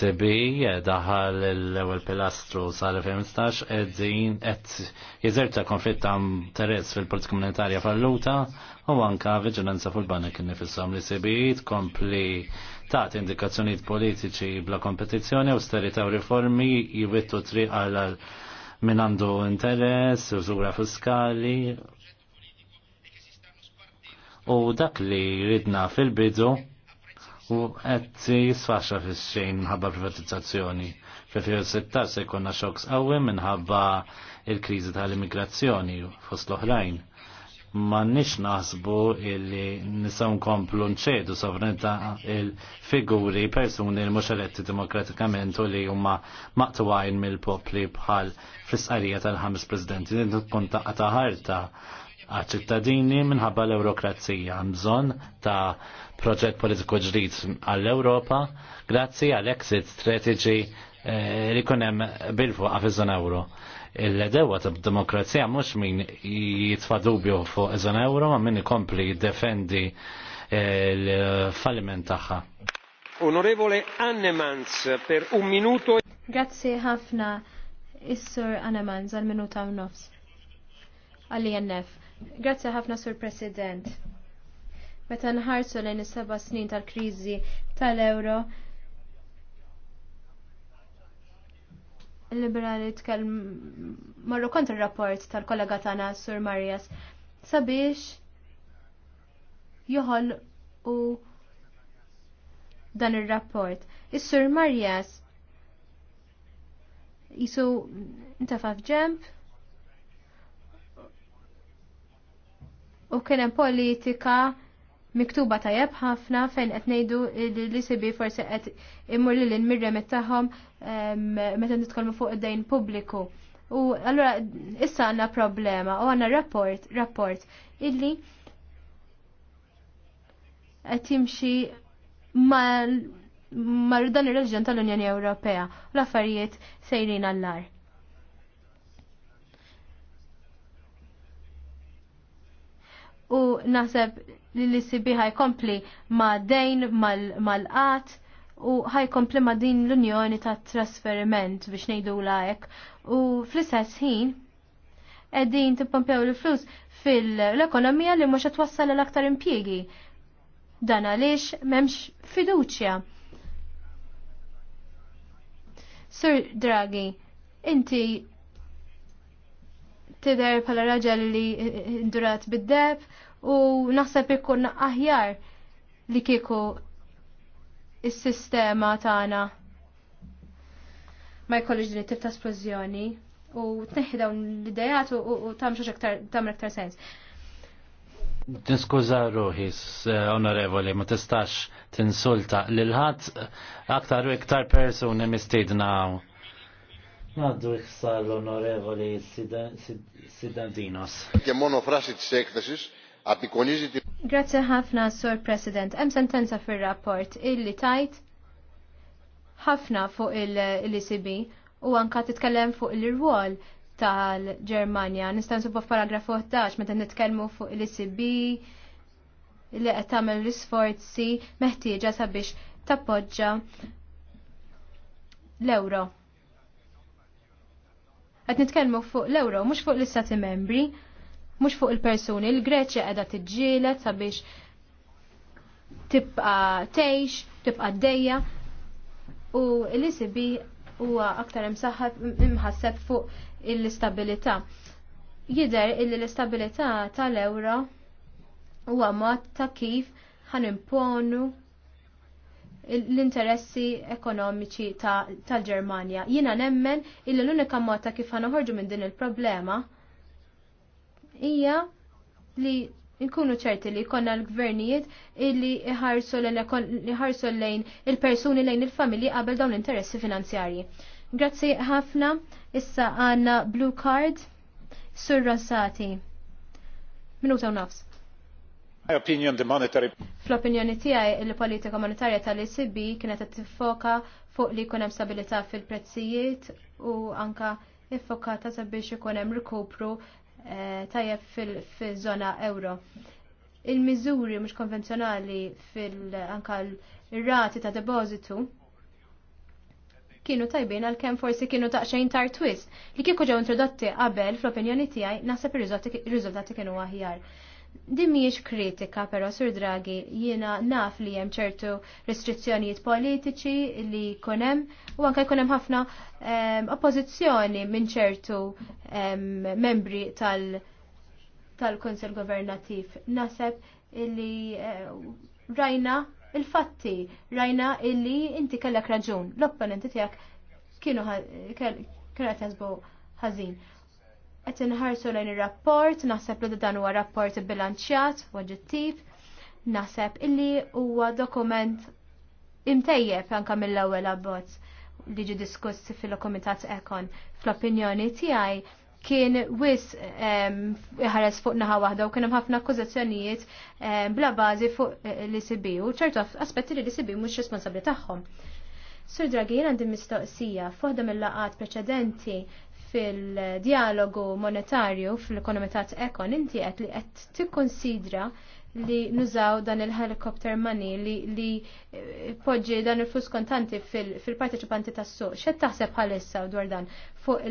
daħal l-ewel pilastru sal-2015 ed-din et jizerta konflitt ta' interess fil-politika monetarja falluta u anka vigilanza fuq il-banek nifisom l-ICB tkompli tat indikazzjonijiet politiċi bla kompetizzjoni, austerità u riformi jivittu triq għal min għandu interess, użura fiskali. U dak li ridna fil-bidu u qed jisfaxxa fil xejn minħabba privatizzazzjoni. Fil-2016 se jkollna xoks qawwi minħabba il-kriżi tal-immigrazzjoni fost l-oħrajn ma nix naħsbu illi nisaw nkomplu nċedu sovranità il-figuri persuni il mhux eletti demokratikament u li huma maqtuwajn mill-popli bħal fis tal-ħames presidenti li tkun taqqa ta' ħarta għal-ċittadini minħabba l-eurokrazija. Mżon ta' proġett politiku ġrid għall-Europa grazzi għal-exit strategy eh, li kunem bil-fuqa fi zona euro il-ledewa ta' demokrazija mux min jitfa dubju fuq eżan euro, ma min ikompli jiddefendi eh, l falliment tagħha. Onorevole Annemans per un minuto. Grazie ħafna, Is-Sur Annemans, għal-minuta u nofs. Għalli jennef. Grazie ħafna, Sur President. Meta nħarsu lejn is-seba' snin tal-kriżi tal-euro, liberali tkellem marru kontra rapport tal-kollega tagħna Sur Marias sabiex joħol u dan ir-rapport. Is-Sur Marias jisu faf f'ġemp u kien hemm politika miktuba tajjeb ħafna fejn qed ngħidu li sibi forsi qed immur lil mir-remit tagħhom meta nitkellmu fuq id-dejn pubbliku. U allura issa għandna problema u għandna rapport, rapport illi qed jimxi mal ma dan ir-reġjun tal-Unjoni Ewropea u l-affarijiet sejrin għall art u naħseb li l-ICB ħajkompli ma' dejn mal-qat u ħajkompli ma' din l-unjoni ta' trasferiment biex nejdu lajk u fl-istess ħin edin tippompew l-flus fil-ekonomija li mhux wassal l-aktar impjiegi. Dan għaliex m'hemmx fiduċja. Sir Draghi, inti tider pala raġel li indurat bid-deb u naħseb ikun aħjar li kieku il sistema tagħna ma jkollix ġdini it ta' esplużjoni u tneħħi dawn l-idejat u tagħmel aktar tagħmel aktar sens. Niskuża ruħis, eh, onorevoli, ma tistax tinsulta lil ħadd aktar u iktar persuni mistiedna Naddu iħsar l-onorevoli Sidandinos. Και μόνο Grazie ħafna, Sir President. Hemm sentenza fir-rapport illi tajt ħafna fuq il-ECB u anka titkellem fuq il-rwol tal-Ġermanja. Nista' nsubu f'paragrafu 11 meta nitkellmu fuq il-ECB li qed tagħmel l-isforzi meħtieġa sabiex tappoġġa l ewro Qed nitkellmu fuq l-euro, mhux fuq l-istati membri, mhux fuq il-persuni. Il-Greċja qiegħda tiġġieled sabiex tibqa' tgħix, tibqa' dejja u l-ECB huwa aktar imħasseb fuq l-istabilità. Jider illi l-istabilità tal-euro huwa mod ta' kif imponu l-interessi ekonomiċi tal-Ġermanja. Ta Jina nemmen illi l-unika mota kif ħanoħorġu minn din il-problema hija li nkunu ċerti li konna l-gvernijiet illi iħarsu lejn il-persuni lejn il-familji qabel dawn l-interessi finanzjarji. Grazzi ħafna, issa għanna Blue Card, Sur Rosati. Minuta u nafs. Fl-opinjoni tiegħi il-politika monetarja tal-ECB kienet qed tiffoka fuq li jkun hemm stabilità fil-prezzijiet u anka iffokata sabiex ikun hemm rikupru eh, tajjeb fil-żona euro. Il-miżuri mhux konvenzjonali fil-anka l-rati ta' depositu kienu tajbin għal kem forsi kienu taqxajn tar twist li kieku ġew introdotti qabel fl-opinjoni tiegħi naħseb ir-riżultati kienu aħjar. Din mhijiex kritika però Sur Draghi jiena naf li hemm ċertu restrizzjonijiet politiċi li jkun hemm u anke jkun hemm ħafna oppożizzjoni minn ċertu membri tal- tal Governativ. Naseb illi eh, rajna il-fatti, rajna illi inti kellek raġun. L-opponenti tiegħek kienu kienet ħażin qed inħarsu lejn ir-rapport, naħseb li dan huwa rapport bilanċjat, oġġettiv, naħseb illi huwa dokument imtejjeb anke mill-ewwel abbozz li ġi diskuss fil-Komitat Ekon. Fl-opinjoni tiegħi kien wis iħares fuq naħa waħda u kien hemm ħafna akkużazzjonijiet bla bażi fuq eh, li sibi, u ċertu aspetti li li sibi e mhux responsabbli tagħhom. Sur Draghi għandi mistoqsija fuħda mill-laqat preċedenti fil-dialogu monetarju fil-ekonomitat ekon inti qed li qed tikkonsidra li nużaw dan il-helikopter money li, li eh, poġġi dan il fus kontanti fil-parteċipanti fil tas-suq. Xed taħseb bħalissa dwar dan fuq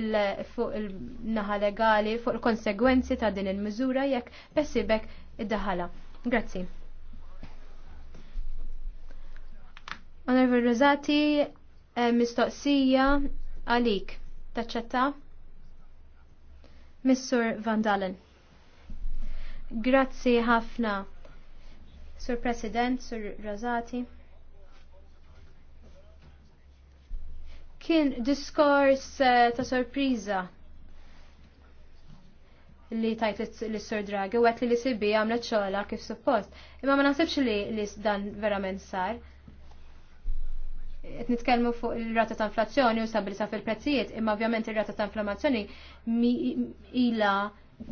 il-naħa legali, fuq il-konsegwenzi ta' din il-miżura jekk bessibek id-daħala. Grazzi. Onorevoli Rosati, eh, mistoqsija għalik taċċetta? Missur Van Dalen. Grazzi ħafna, Sur President, Sur Razati. Kien diskors eh, ta' sorpriza li tajt li sur Draghi u għet li li sibi għamlet xola kif suppost. Imma ma naħsibx li, li dan verament sar qed nitkellmu fuq il-rata ta' inflazzjoni u stabilità fil-prezzijiet, imma ovvjament ir-rata ta' inflazzjoni ila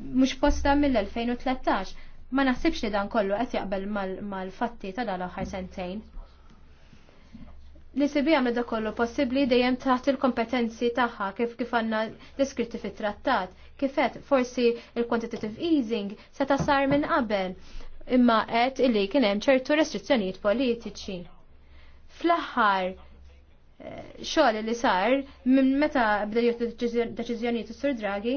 mhux posta mill-2013. Ma naħsibx li dan kollu qed jaqbel mal-fatti ta' dan l-aħħar sentejn. Li sibi għamlu da kollu possibli dejjem taħt il-kompetenzi tagħha kif kif għandna deskritti fit-trattat. Kifet, forsi il-quantitative easing se tasar minn qabel imma qed illi kien hemm ċertu restrizzjonijiet politiċi Fl-aħħar eh, xogħol li sar minn meta bda jieħdu deċiżjonijiet is-Sur Draghi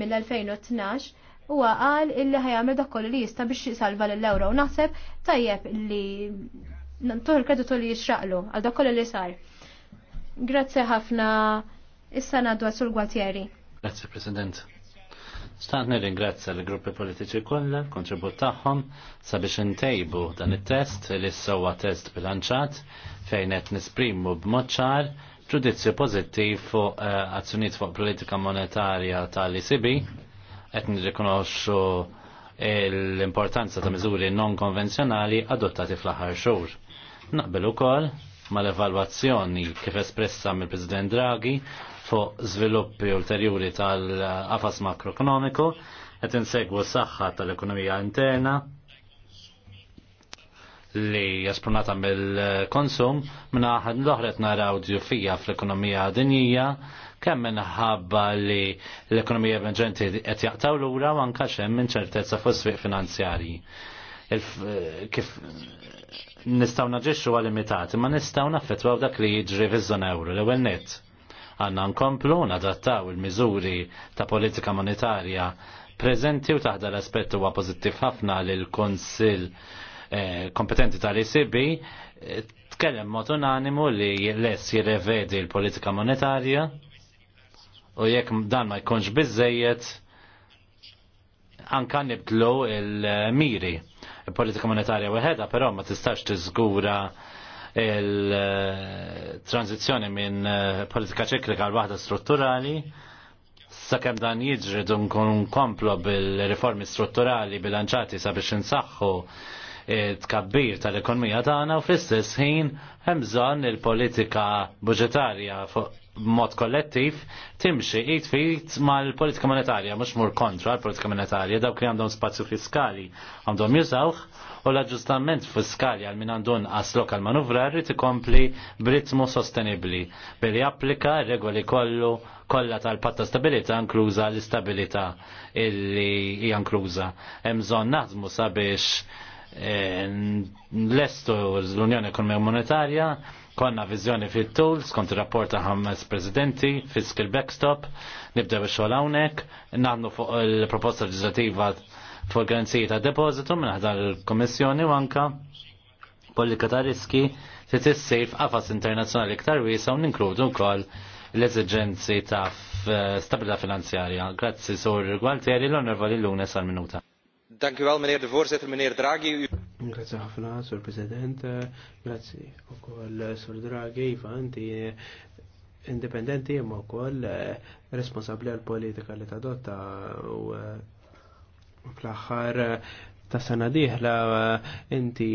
mill-2012 huwa qal illi ħajamel dak kollu li jista' biex jisalva lill-ewro u naħseb tajjeb li nantuħ il-kreditu li jixraqlu għal dak kollu li sar. Grazzi ħafna issa ngħaddu għas-Sur Gualtieri. Grazzi President. Stant nirringrazzja l gruppi politiċi kollha kontribut tagħhom sabiex intejbu dan it-test li sewwa test bilanċat fejn qed nisprimu b'mod ċar ġudizzju pożittiv fuq eh, azzjonijiet fuq politika monetarja tal-ECB qed nirrikonoxxu l-importanza ta' miżuri non konvenzjonali adottati fl-aħħar xhur. Naqbel ukoll mal-evalwazzjoni kif espressa mill-President Draghi fuq żviluppi ulterjuri tal-qafas makroekonomiku, qed insegwu s-saħħa tal-ekonomija interna li jaspronata mill-konsum minna l-oħret naraw djufija fl-ekonomija dinjija kemm minħabba li l-ekonomija emerġenti qed jaqtaw lura u anke hemm ċertezza fuq is-swieq finanzjarji kif nistaw naġiexu għal-limitati, ma nistaw naffetwaw dak li jġri fiż-żona euro, l ewwel net. Għanna nkomplu nadattaw il-miżuri ta' politika monetarja preżenti u taħda l-aspett huwa pożittiv ħafna lil konsil eh, kompetenti tal-ECB eh, tkellem mod unanimu li less jirrevedi l-politika monetarja u jekk dan ma jkunx biżejjed anka nibdlu il-miri. Il-politika monetarja weħeda, però ma tistax tiżgura il-tranzizjoni minn eh, politika ċiklika għal waħda strutturali sakemm dan jiġri dunkun komplo bil-riformi strutturali bilanċati sabiex insaħħu tkabbir tal-ekonomija tagħna u fl-istess ħin hemm bżonn il-politika budġetarja fuq b'mod kollettiv timxi it fit mal-politika monetarja, mhux mur kontra l-politika monetarja, dawk li għandhom spazju fiskali għandhom jużawh u l-aġġustament fiskali għal min għandun as lokal manuvra rrid ikompli b'ritmu sostenibbli billi applika regoli kollu kollha tal-patta stabilità inkluża l-istabilità illi hija inkluża. Hemm bżonn naħdmu sabiex eh, l-estu l-Unjoni Ekonomija Monetarja Konna viżjoni fit tools kont ir-rapport ta' ħames presidenti, fiscal backstop, nibda ix-xogħol hawnhekk, nagħmlu fuq il-proposta leġislativa fuq garanzija ta' depożitu minn ħdar il kummissjoni u anka politika ta' riski se tissejf qafas internazzjonali iktar wiesa u ninkludu wkoll l-eżigenzi ta' stabilità finanzjarja. Grazzi sur Gualtieri l-onorvali l-lunes għal-minuta. Dank u wel, de voorzitter, Draghi. Grazie ħafna, Sur President, grazie u koll Sur Draghi, Iva, inti indipendenti imma u koll eh, responsabli għal-politika li tadotta u eh, fl-axħar ta' sena diħla eh, inti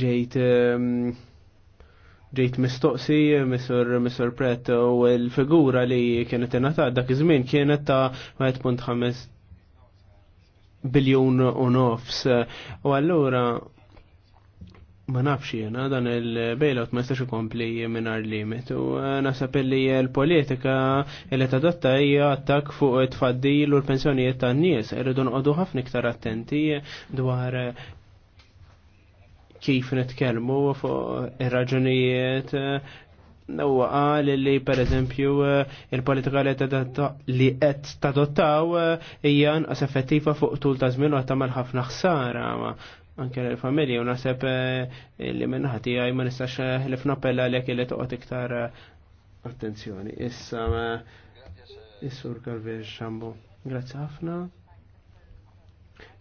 ġejt ġejt mistoqsi misur misur Pret u l-figura li kienet ingħata dak iż-żmien kienet ta' 1.5 biljun u nofs. U allura ma nafx jena dan il-bailout ma jistax ikompli minar limit u nasab li l-politika li tadotta hija attak fuq it-tfaddil u l-pensjonijiet tan-nies irridu nqogħdu ħafna iktar attenti dwar kif nitkellmu fuq ir-raġunijiet Nawa qal li pereżempju eh, il-politika li qed tadottaw eh, hija nqas effettiva fuq tul ta' żmien u tagħmel ħafna ħsara anke l-familji u naħseb eh, li minnaħat tiegħi ma nistax ħlif nappella għalhekk li toqgħod iktar attenzjoni. Issa is-sur Calvej Xambu. Grazzi ħafna.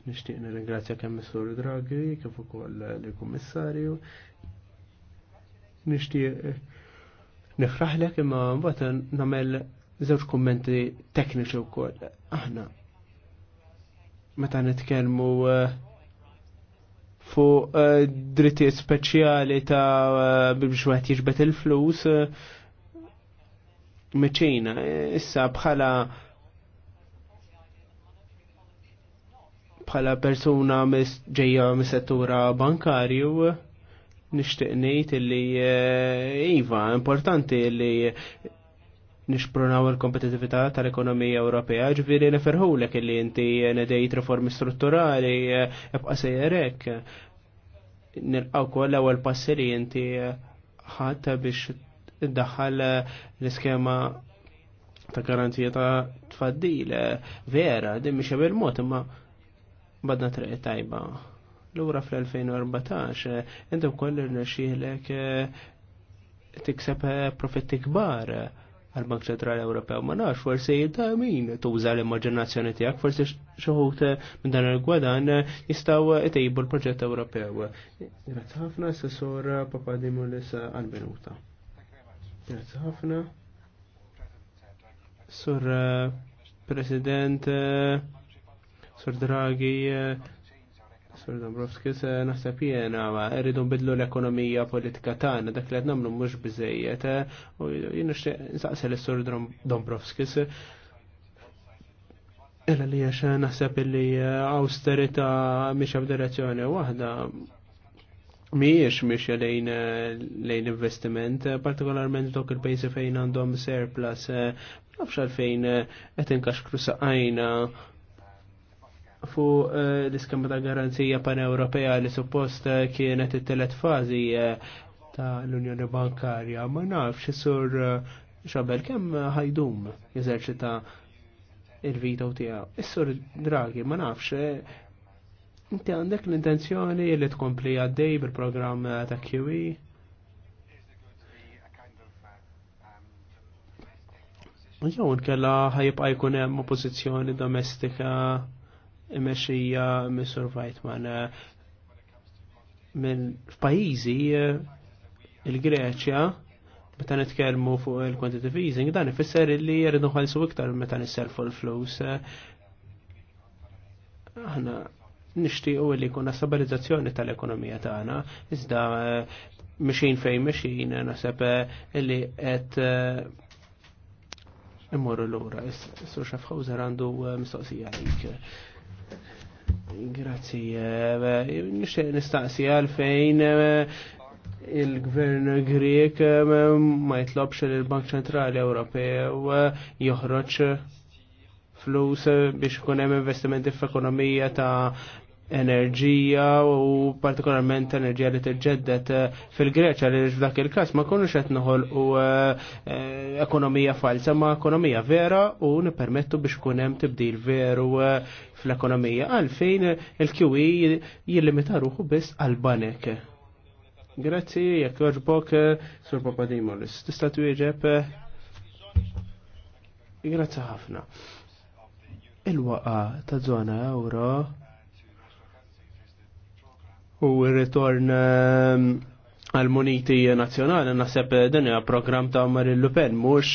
Nixtieq nirringrazzja kemm is-sur Draghi kif ukoll lill-Kummissarju. Nixtieq nifraħlek imma mbagħad nagħmel żewġ kummenti tekniċi wkoll. Aħna meta nitkellmu eh, fuq eh, drittijiet speċjali ta' eh, biex wieħed jiġbed il-flus meċina, issa bħala bħala persuna ġejja mis-settura bankarju nishtiq ngħid illi eh, iva importanti li nixprunaw il-kompetitività tal-ekonomija Ewropea, ġifieri neferħulek illi inti nedejt riformi strutturali eh, ebqa' sejjerek. Nilqgħu wkoll l-ewwel passi li inti eh, ħadd biex iddaħħal l-iskema ta' garanzija ta' tfaddil vera, dimmi xe bil-mod imma badna triq tajba l-ura fl-2014, jendu inti wkoll irnexxielek eh, tikseb eh, profitti kbar għal-Bank Ċentrali Ewropew. Ma nafx, forsi jidda min tuża l-immaġinazzjoni tiegħek, forsi xoħut eh, minn dan il-gwadan jistgħu itejbu l-proġett Ewropew. Grazzi ħafna, s-sur Assessor Papadimulis għal-Benuta. Grazzi ħafna. Sur President, Sur Draghi, Sur Dombrovski, naħseb jena, rridu nbidlu l-ekonomija politika tagħna, dak li qed nagħmlu mhux biżejjed, eh, u jien nsaqsel is-Sur Dombrovski. Illa li għax naħseb li eh, austerita mhix f'direzzjoni waħda miex miex lejn lejn investiment, partikolarment dok il-pajjiżi fejn għandhom surplus, eh, nafx għalfejn qed inkaxkru saqajna fu eh, l-iskema ta' garanzija pan-Ewropea li suppost eh, kienet it-telet fazi eh, ta' l-Unjoni Bankarja. Ma nafx sur xabel kemm ħajdum jeżerċita il-vita u tiegħu. Is-sur Draghi ma nafx inti għandek l-intenzjoni li tkompli għaddej bil-programm ta' QE? Jew nkella ħajibqa' jkun hemm oppożizzjoni domestika imexxija Mr. Weitman eh, minn f'pajizi eh, il-Greċja meta nitkellmu fuq il-quantitative easing dan ifisser li jridu nħallsu iktar meta nisserfu l-flus. Eh. Aħna nixtiequ li jkun stabilizzazzjoni tal-ekonomija tagħna, iżda mixin fejn mixin naħseb li qed immorru lura. Sur Schaffhauser għandu mistoqsija għalik. Grazzi, eh, nixtieq nistaqsi għalfejn eh, il-gvern Grek eh, ma jitlobx il l-Bank Ċentrali Ewropew joħroġ flus biex ikun hemm investimenti f'ekonomija ta' enerġija u partikolarment enerġija li tiġġeddet eh, fil-Greċa li f'dak il-każ ma konux qed u eh, eh, ekonomija falsa ma ekonomija vera u nippermettu biex ikun hemm tibdil veru fl-ekonomija għalfejn il-QE jillimita ruħu biss għal banek. Grazzi, jekk joġbok, Sur Papadimolis. Tista' twieġeb? Grazzi ħafna. Il-waqa ta' zona euro u r-ritorn ehm, għal-muniti nazjonali naħseb eh, din hija programm ta' Marine Le Pen mhux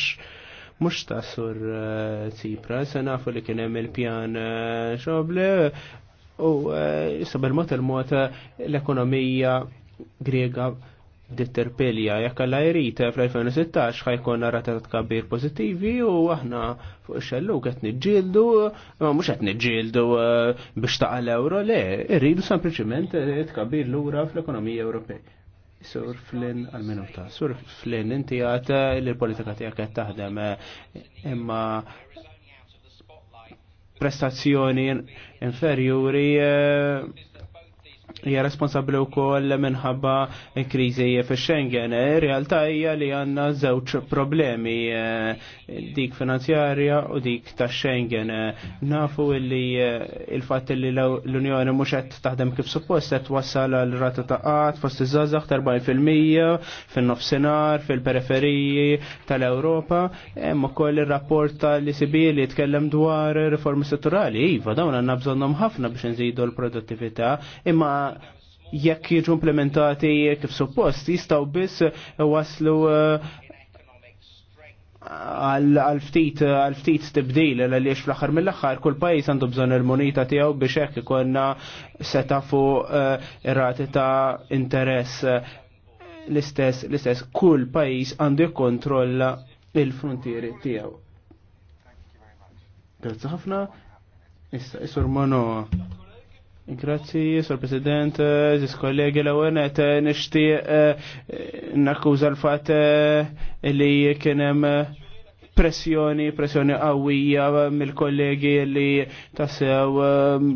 mhux ta' sur eh, Tsipra, se nafu li kien hemm il-pjan eh, xoble u sabel mod il-mod l-ekonomija Griega ditterpelja jekk għal jrid fl-2016 ħajkun rata ta' tkabbir pozitivi u aħna fuq xellu qed niġġieldu mhux qed niġġieldu eh, biex taqal euro le, irridu sempliċiment eh, tkabbir lura fl-ekonomija Ewropej. Sur Flynn għal-minuta. Sur Flynn inti għat eh, li l-politika tiegħek qed taħdem imma prestazzjoni inferjuri hija responsabbli wkoll minħabba kriżi fix-Schengen. Ir-realtà hija li għandna żewġ problemi eh, dik finanzjarja u dik tax-Schengen. Nafu li eh, il-fatt li l-Unjoni mhux qed taħdem kif suppost qed wassal għal rata ta' qatt fost iż fil 40% fin-nofsinhar, fil-periferiji tal-Ewropa. Hemm ukoll ir-rapport tal-ICB li tkellem dwar riformi strutturali. Iva, dawn għandna bżonnhom ħafna biex nżidu l-produttività, imma jekk jiġu implementati kif suppost jistgħu biss waslu eh, għal-ftit għal-ftit tibdil għaliex fl-axar mill-axar kull pajis għandu bżon il-monita tiegħu biex jekk ikonna seta fuq eh, rati ta' interess l-istess l-istess kull pajis għandu jikkontrolla il-frontieri tiegħu. Grazie ħafna. Issa, isur Manoa. Grazzi, Sor President, ġis kollegi l-għonet, eh, nishti eh, nakkuża l-fat eh, li kienem pressjoni, pressjoni qawwija mill-kollegi li tassew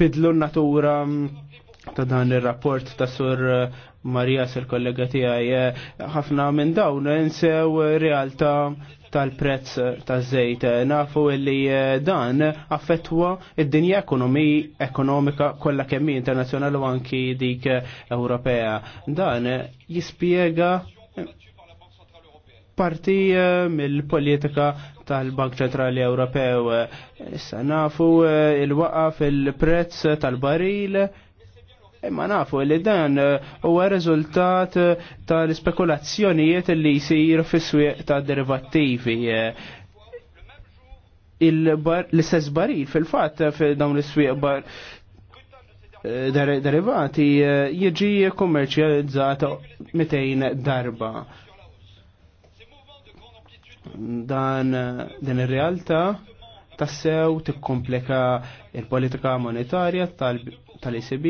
bidlu natura mm, ta' dan il-rapport ta' Sur Marias il-kollega tijaj. ħafna minn dawn nsew realta tal-prezz taż-żejt. Nafu li eh, dan affettwa id-dinja ekonomi ekonomika kollha kemm internazzjonali u anki dik eh, Ewropea. Dan jispjega parti eh, mill-politika tal-Bank Ċentrali Ewropew. Issa nafu il-waqa fil-prezz tal-baril Imma nafu li dan eh, huwa riżultat eh, tal-spekulazzjonijiet li jisir fis-swieq ta' derivattivi. Eh. L-istess baril fil-fatt f'dawn is-swieq bar derivati jiġi kommerċjalizzata 200 darba. Dan din ir-realtà tassew tikkomplika il-politika monetarja tal-ECB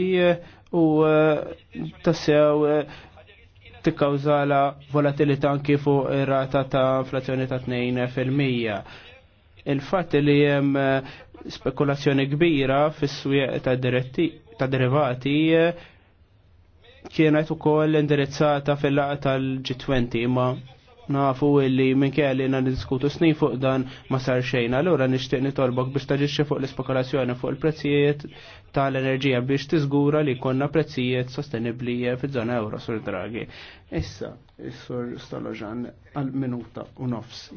u eh, tassew eh, tikkawżala volatilità anki fuq ir-rata ta' inflazzjoni ta' 2%. Il-fatt li hemm eh, spekulazzjoni kbira fis-swieq ta' diretti ta' derivati kienet ukoll indirizzata fil-laqa tal-G20 ma' nafu illi minn kelli na diskutu snin fuq dan ma sar xejn. Allura nixtieq nitolbok biex taġixxi fuq l-ispekulazzjoni fuq il-prezzijiet tal-enerġija biex tiżgura li konna prezzijiet sostenibbli fiż-żona euro sur draghi. Issa, is sur Stalojan għal minuta u nofs.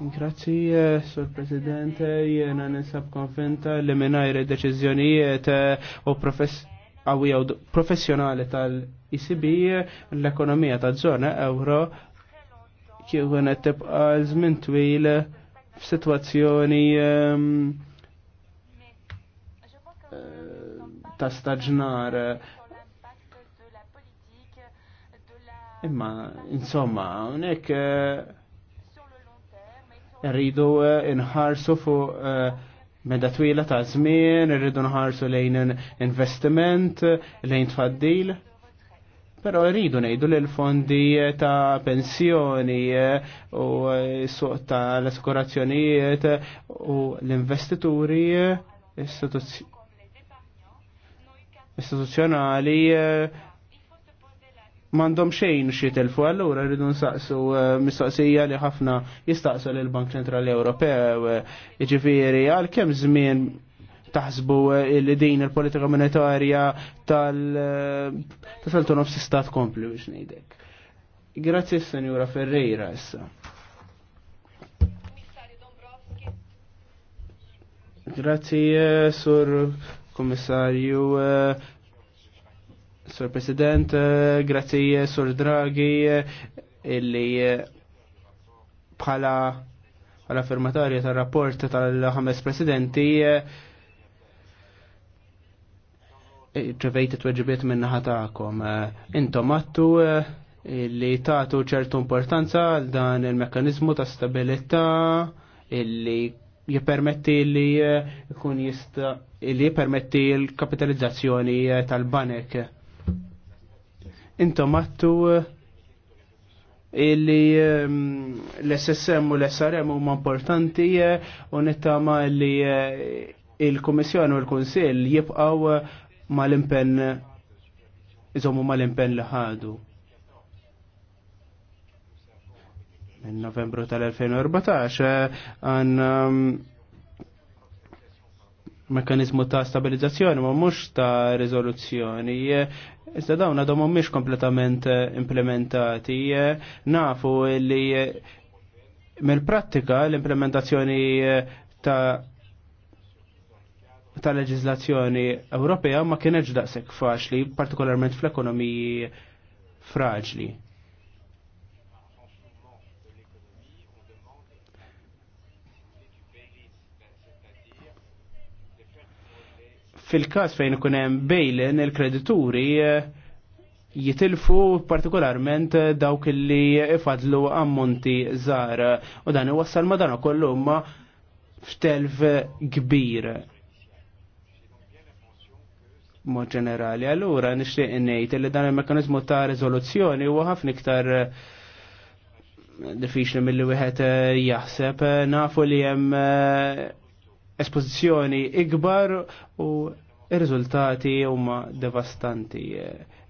Grazzi, Sur Presidente, jena nisab konfinta li minajri deċizjonijiet eh, u profess għawija professjonali tal- ECB l-ekonomija ta' zona euro kienet tibqa żmien twil f'sitwazzjoni ehm, eh, ta' staġnar. Imma, insomma, unek eh, rridu eh, inħarsu fuq meda twila ta' żmien, rridu nħarsu lejn investiment, lejn tfaddil. Pero rridu nejdu l fondi ta' pensjoni eh, u eh, suq ta' l-assikurazzjonijiet u l-investituri eh, istituzzjonali mandom xejn xie telfu għallura rridu nsaqsu mistoqsija li ħafna jistaqsu l-Bank Ċentrali Ewropew. Ġifiri, għal kem zmin taħsbu eh, li din il-politika monetarja tal-feltu eh, nofsi stat kompli biex nejdek. Grazie, Senjura Ferreira, issa. Grazie, eh, Sur Kommissarju, Sur President, grazie, Sur Draghi, illi bħala għal-affermatarja tal-rapport tal-ħames presidenti ġevejt t weġibiet minna ħatakom. Eh, intom għattu eh, li tagħtu ċertu importanza għal dan il-mekkanizmu ta' stabilità illi jippermetti li jkun eh, jista' li jippermetti l-kapitalizzazzjoni tal-banek. Intom għattu illi l-SSM u l-SRM huma importanti u nittama li il-Komissjoni u l-Kunsill jibqaw mal-impenn iżommu mal-impenn li ħadu. Minn novembru tal-2014 eh, għan um, mekanizmu ta' stabilizzazzjoni ma' mux ta' rizoluzzjoni. Iżda dawn għadhom mhumiex kompletament eh, implementati. Eh, nafu li mill-prattika l-implementazzjoni ta' ta' leġizlazzjoni Ewropea ma kienx daqshekk faċli, partikolarment fl-ekonomiji fraġli. Fil-każ fejn ikun hemm bejlin il-kredituri eh, jitilfu partikolarment eh, dawk li ifadlu ammonti żgħar u dan iwassal ma dan ukoll huma f'telf kbir mod ġenerali. Allura nixtieq ngħid li dan il-mekkaniżmu ta' riżoluzzjoni huwa ħafna iktar eh, diffiċli milli wieħed eh, jaħseb eh, nafu li hemm espożizzjoni ikbar u ir-riżultati huma devastanti.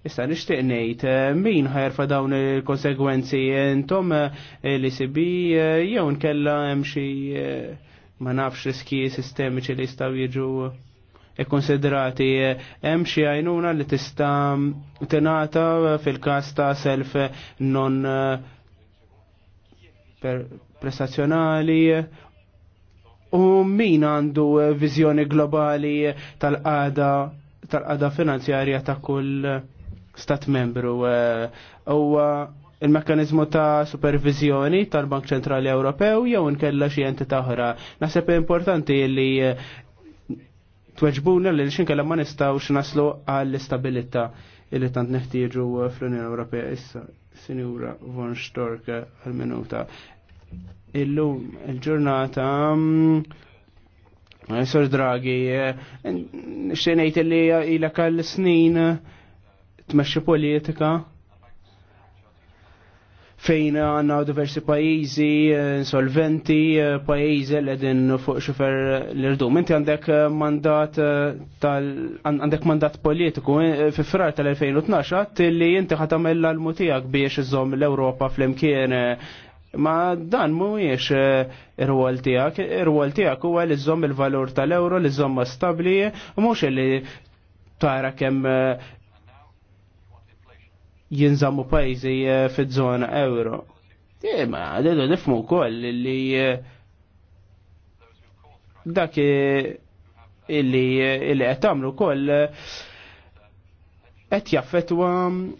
Issa nixtieq ngħid min ħajerfa dawn il-konsegwenzi intom li sibi jew nkella hemm xi ma nafx riski sistemiċi li jistgħu jiġu ikkonsiderati e e, hemm xi għajnuna li tista' tingħata fil-każ ta' self non e, prestazzjonali u min għandu viżjoni globali tal-qada tal-qada finanzjarja ta' kull stat membru u il-mekkanizmu ta' supervizjoni tal-Bank Ċentrali Ewropew jew inkella xi entità oħra. Naħseb importanti li tweġbuna li xinkella ma nistawx naslu għall-istabilità illi tant neħtieġu fl-Unjoni Ewropea issa. Sinjura von Stork għal-minuta. Illum il-ġurnata mm, Sor Draghi, xenajt li ilak għal-snin tmexxi politika fejn għanna diversi pajizi, eh, insolventi, eh, pajizi l-edin fuq xifer l-irdum. Inti għandek eh, mandat tal għandek mandat politiku fi frar tal-2012 għat li inti ħatamel l-mutijak biex iżom l-Europa fl-imkien Ma dan mu ir irwol tiegħek, ir tijak tiegħek huwa li il-valur tal-euro li żomm stabli, mhux li tara kemm jinżammu pajzi eh, fil-żona euro. Ma għadedu nifmu koll li eh, dak eh, illi qed tagħmlu koll qed jaffetwa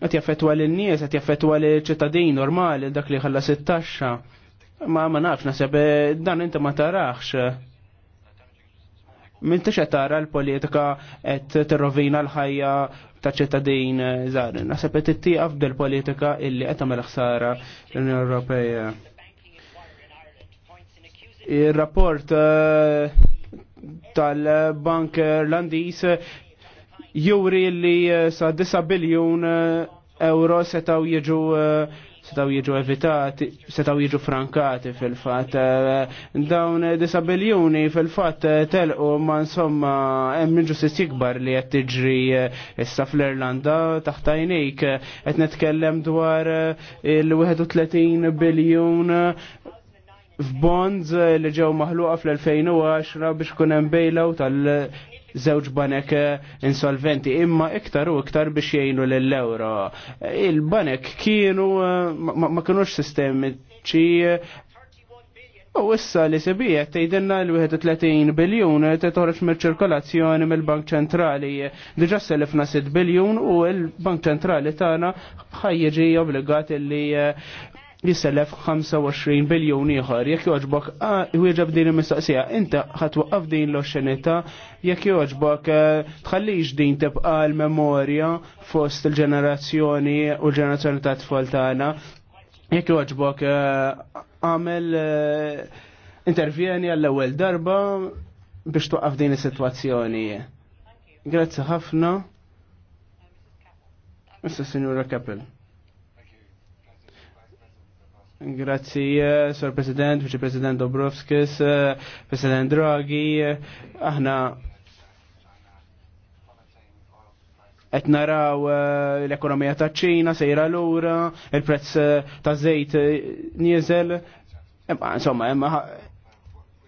qed jaffetwa lin nies qed jaffetwa lil ċittadin normali dak li ħalla 16 ma ma nafx naħseb dan inti ma tarax Min tix tara l-politika qed terrovina l-ħajja ta' ċittadin żgħar. Nasab et t politika illi et tagħmel ħsara l-Unjoni Ewropeja. Ir-rapport eh, tal-Bank Irlandiż juri li sa' 9 biljun eh, euro setaw jiġu eh, setaw jiġu evitati, setaw jiġu frankati fil-fat. Eh, dawn disabiljoni fil-fat eh, telqu ma insomma hemm inġustizzji jikbar li qed tiġri eh, issa fl-Irlanda taħt għajnejk qed netkellem dwar il-31 biljun f'bonds li ġew maħluqa fl-2010 biex kun hemm tal żewġ banek eh, insolventi imma iktar u iktar biex jgħinu l-euro. Eh, il-banek kienu eh, ma kienux sistemiċi U issa li sebija tgħidilna l-31 biljun titħorġ mill-ċirkolazzjoni mill-Bank Ċentrali. Diġà selifna 6 biljun u l-Bank Ċentrali tagħna ħajjiġi obbligat li jisselef 25 biljon ieħor. Jekk joġbok, ah, wieġeb din il-mistaqsija, inta ħatwaqqaf din l-oxxenita, jekk joġbok, eh, tħallix din tibqa l-memorja fost il-ġenerazzjoni u l-ġenerazzjoni ta' tfal tagħna. Jekk joġbok, eh, għamel eh, intervjeni għall-ewwel darba biex twaqqaf din is-sitwazzjoni. Grazzi ħafna. Mr. Signora Kappel. Grazzi, eh, Sir President, Vice President Dobrovskis, eh, President Draghi, aħna qed naraw eh, l-ekonomija ta' ċina sejra lura, il-prezz ta' żejt nieżel. Insomma,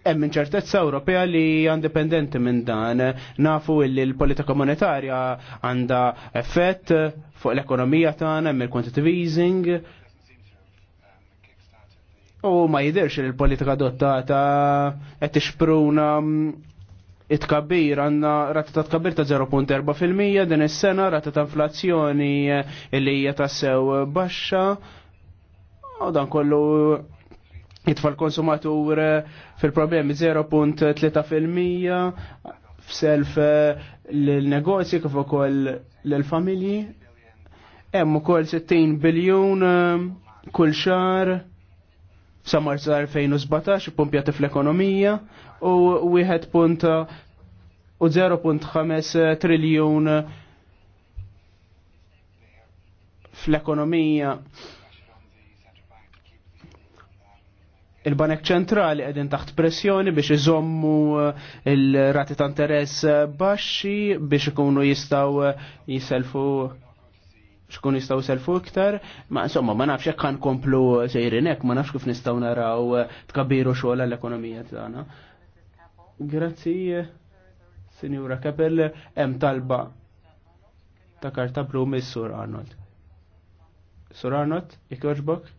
hemm inċertezza Ewropea li hija indipendenti minn dan. Nafu li l-politika monetarja għandha effett fuq l-ekonomija tagħna hemm il-quantitative easing U ma jidirx il-politika adottata qed tixpruna it-kabbir għanna rata ta' tkabbir ta' 0.4% din is-sena, rata ta' inflazzjoni illi hija tassew baxxa. U dan kollu jitfall konsumatur fil-problemi 0.3% f'self l-negozji kif ukoll l-familji. Hemm ukoll 60 biljun kull xar sa marzu 2017 pumpjati fl-ekonomija u 1.0.5 triljun fl-ekonomija. il-Banek ċentrali qegħdin taħt pressjoni biex iżommu il-rati ta' interess baxxi biex ikunu jistgħu jiselfu xkun jistaw selfu iktar, ma insomma ma nafx kan komplu sejrinek, ma nafx kif nistaw naraw eh, tkabiru xogħol l-ekonomija tagħna. Grazzi, Sinjura Kapel, hemm talba ta' karta blu mis-Sur Arnold. Sur Arnold, jekk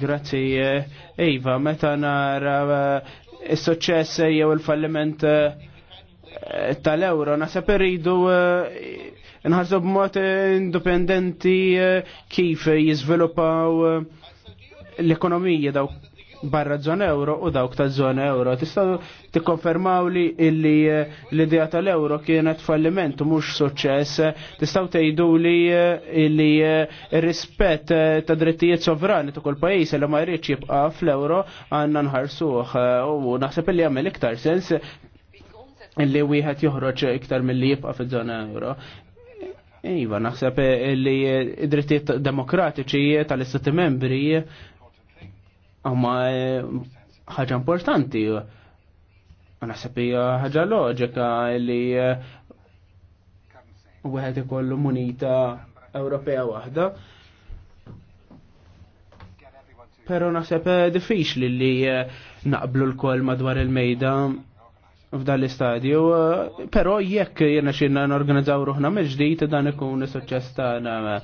Grazzi, Eva, eh, meta nara eh, is-suċċess jew il-falliment tal-euro, nasab irridu nħarsu b'mod eh, indipendenti eh, kif eh, jiżviluppaw l-ekonomija daw barra zona euro u dawk ta' zona euro. Tistaw tikkonfermaw li illi l-idea tal-euro kienet falliment u mux suċċess. Tistaw tgħidu li illi rispett ta' drittijiet sovrani ta' kull pajjiż li ma jridx jibqa' fl-euro għandna nħarsuh u naħseb li jagħmel iktar sens illi wieħed joħroġ iktar milli jibqa' fiż-żona euro. Iva, naħseb eh, li eh, id-drittijiet demokratiċi tal-istati membri għamma eh, ħaġa importanti. Naħseb hija ħaġa loġika li wieħed ikollu munita Ewropea waħda. Pero naħseb diffiċli li naqblu l-kol madwar il-mejda f'dan l-istadju, eh, pero jekk jena xinna n-organizzaw ruħna meġdijt dan ikun suċċess tagħna.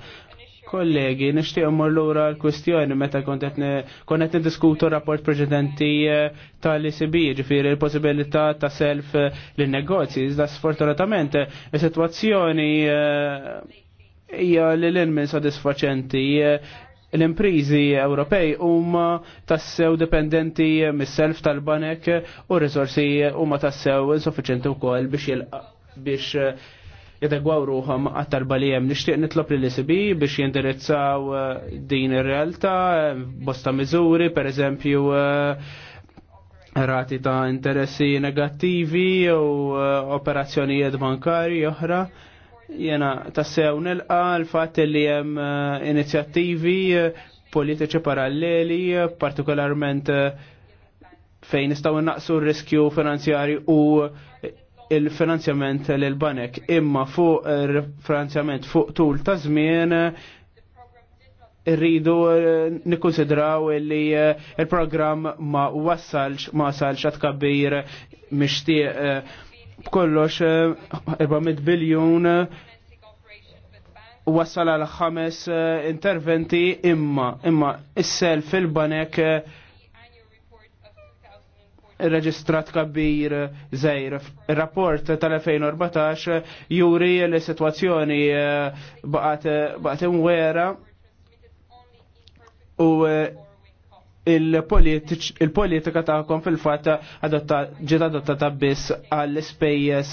Kollegi, nixtieq l lura l-kwestjoni meta kont qed niddiskutu rapport preċedenti eh, tal icb ġifieri l-possibilità ta' self l negozji Iżda sfortunatament eh, is-sitwazzjoni hija li l-inmin sodisfaċenti l-imprizi Ewropej huma tassew dipendenti mis-self tal-banek u r-risorsi huma tassew insuffiċenti wkoll biex biex eh, jadegwaw ruħom għat balijem. Nishtiq nitlob li l-ISB biex jindirizzaw eh, din ir-realtà, bosta miżuri, per eżempju, eh, rati ta' interessi negattivi u operazzjonijiet bankari oħra jena tassew nilqa l-fat li jem eh, inizjattivi eh, politiċi paralleli, eh, partikolarment fejn nistaw naqsu riskju finanzjari u il-finanzjament l-banek imma fuq il-finanzjament fuq tul ta' żmien irridu nikkonsidraw li il-programm ma wassalx ma salx għat kabbir mixtieq b'kollox 400 eh, biljun eh, wassal għal ħames eh, interventi imma imma issel fil-banek reġistrat kabbir zejr. Il-rapport tal-2014 juri li situazzjoni baqat imwera u il-politika tagħkom fil-fatt ġiet adottata biss għall-ispejjeż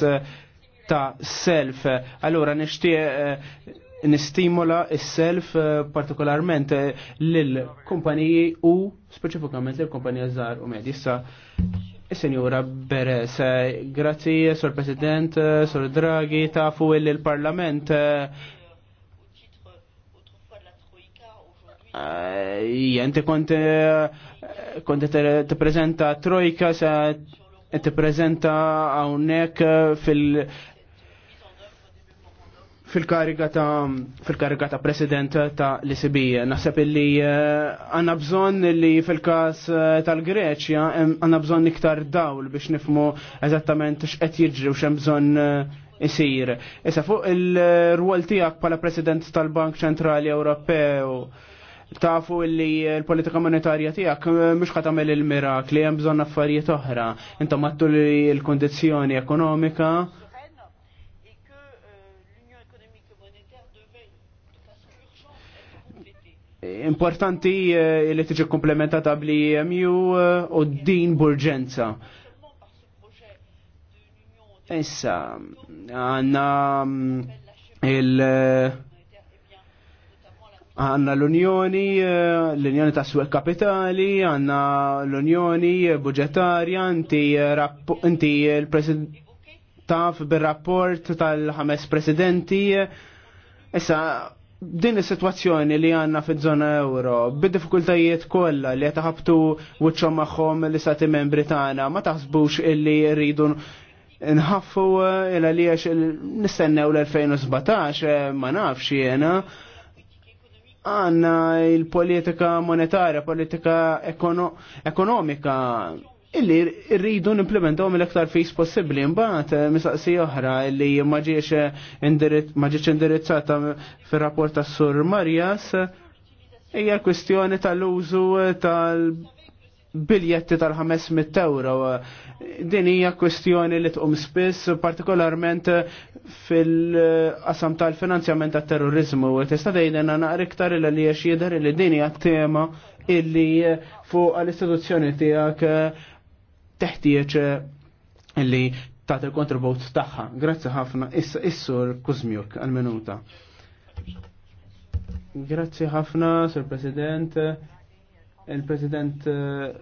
ta' self. Allura nixtieq eh, nistimula s-self eh, partikolarment eh, lill-kumpaniji u speċifikament lill-kumpanija żgħar u medji. Issa Senjura Beres, grazie, Sor President, Sor Draghi, tafu il-Parlament Eh, jente kont eh, kont te prezenta trojka sa te prezenta awnek eh, fil fil-kariga ta' fil-kariga ta' president ta' l sb Naħseb li għanna bżon li fil-kas tal-Greċja għanna bżon iktar dawl biex nifmu eżattament x'qed jiġri u x'hemm bżonn isir. Issa fuq il-rwol tiegħek bħala President tal-Bank Ċentrali Ewropew tafu li l-politika monetarja tijak eh, mux ħatamel il-mirakli, jem bżon affarijiet oħra. Inta mattu l-kondizjoni ekonomika. Importanti eh, li tiġi komplementata bli EMU eh, u din burġenza. Issa, għanna mm, il- uh, Għanna l-Unjoni, eh, l-Unjoni ta' Suq Kapitali, għanna l-Unjoni Budgetarja, inti eh, l-President taf bil-rapport tal-ħames presidenti. Issa, din is-sitwazzjoni li għanna fi żona euro, bid-diffikultajiet kollha li qed ħabtu wiċċhom magħhom l-istati membri tagħna, ma taħsbux illi rridu nħaffu eh, illa li għax nistennew l-2017 ma nafx jiena għanna il-politika monetarja, politika ekonomika illi rridu n-implementaw mill-aktar fis possibli mbagħad eh, misaqsi oħra illi ma indirizzata fir-rapport tas-Sur Marjas hija kwestjoni tal-użu tal-, -użu tal biljetti tal-500 euro. Din hija kwestjoni li tqum spiss, partikolarment fil-qasam tal-finanzjament tat terrorizmu u tista' dejna naqra iktar il li għax jidher li din hija tema illi fuq l-istituzzjoni tiegħek teħtieġ illi tagħti il-kontribut tagħha. Grazzi ħafna issa issur Kuzmjuk għal-minuta. Grazzi ħafna, Sur President il-President eh,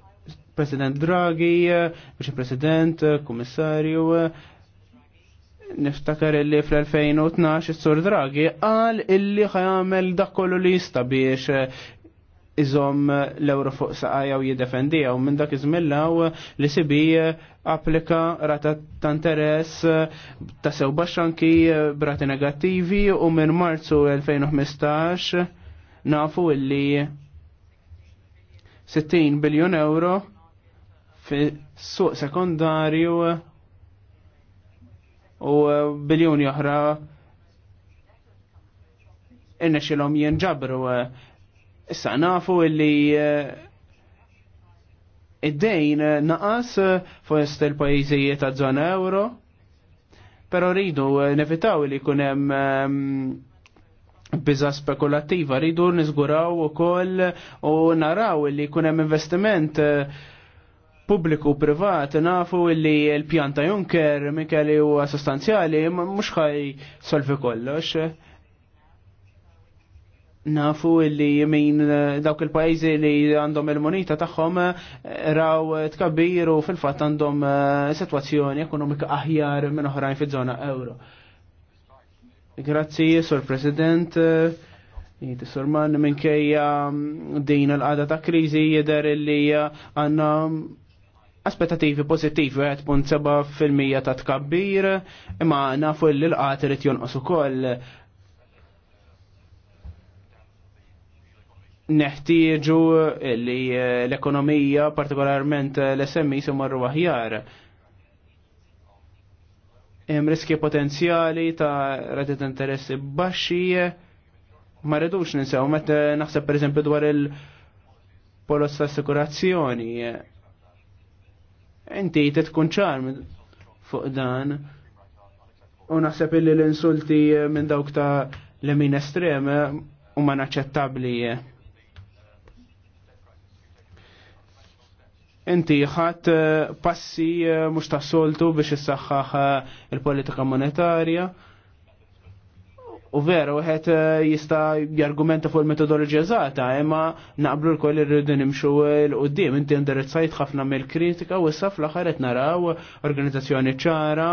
President Draghi, eh, Vice President, eh, Kummissarju, niftakar illi fl-2012 is-Sur Draghi qal illi ħajamel dak kollu li jista biex iżom l-euro fuq saqajja u u minn dak iżmillaw li sibi applika rata ta' interess ta' sew baxxanki brati negattivi u minn marzu 2015 nafu illi 60 biljon euro fi suq sekundarju u biljoni oħra inna xilom jenġabru. Issa nafu illi eh, id-dejn naqas fost il-pajizijiet ta' zona euro, pero rridu nevitaw li kunem biza spekulativa, rridu nizguraw u koll u naraw li kunem investiment eh, pubbliku privat nafu li l-pjanta Junker mikeli u sostanzjali mux ħaj solvi kollox. Nafu li min eh, dawk il-pajzi li għandhom il-monita tagħhom eh, raw tkabbiru fil-fatt għandhom situazzjoni ekonomika aħjar minn oħrajn fil żona euro. Grazzi, Sur President. Jiti minn minkejja mm, din l għada ta' krizi jider li uh, għanna mm, aspettativi pozittivi 1.7% ta' tkabbir, imma nafu illi l-qat rrit jonqos ukoll. Neħtieġu li uh, l-ekonomija, partikolarment uh, l-SMI, marru aħjar hemm riski potenzjali ta' rati interessi baxxi ma ridux ninsew meta naħseb pereżempju dwar il-polos ta' assikurazzjoni. Inti tkun ċarm fuq dan u naħseb illi l-insulti minn dawk ta' l-emin estrem huma naċċettabbli. inti ħadd eh, passi eh, mhux ta' soltu biex issaħħaħ eh, il-politika monetarja. U veru wieħed jista' jargumenta fuq il metodologija żgħata, imma naqblu l-koll irridu nimxu l qoddim inti indirizzajt ħafna mill-kritika u s fl-aħħar qed naraw organizzazzjoni ċara,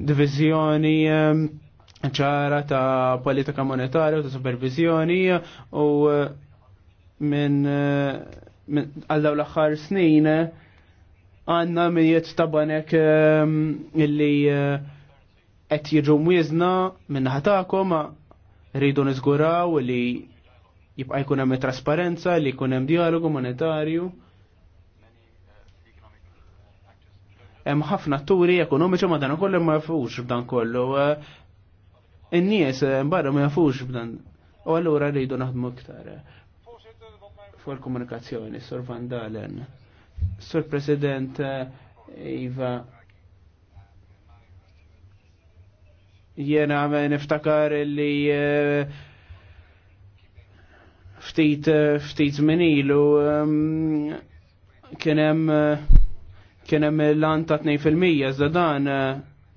divizjoni ċara ta' politika monetarja u ta' supervizjoni u minn għallaw l-axar snin għanna mijiet ta' banek ehm, illi eh, qed jiġu mwizna minnaħa tagħkom rridu niżguraw li jibqa' jkun hemm trasparenza li jkun hemm dialogu monetarju. Hemm ħafna atturi ekonomiċi ma dan ukoll ma jafux b'dan kollu. Eh. In-nies eh, barra ma jafux b'dan. U allura rridu naħdmu iktar fuq komunikazzjoni Sur Van Dalen. Sur President eh, Iva, jena niftakar li eh, ftit eh, ftit minilu kienem kienem l-an ta' 2% iżda dan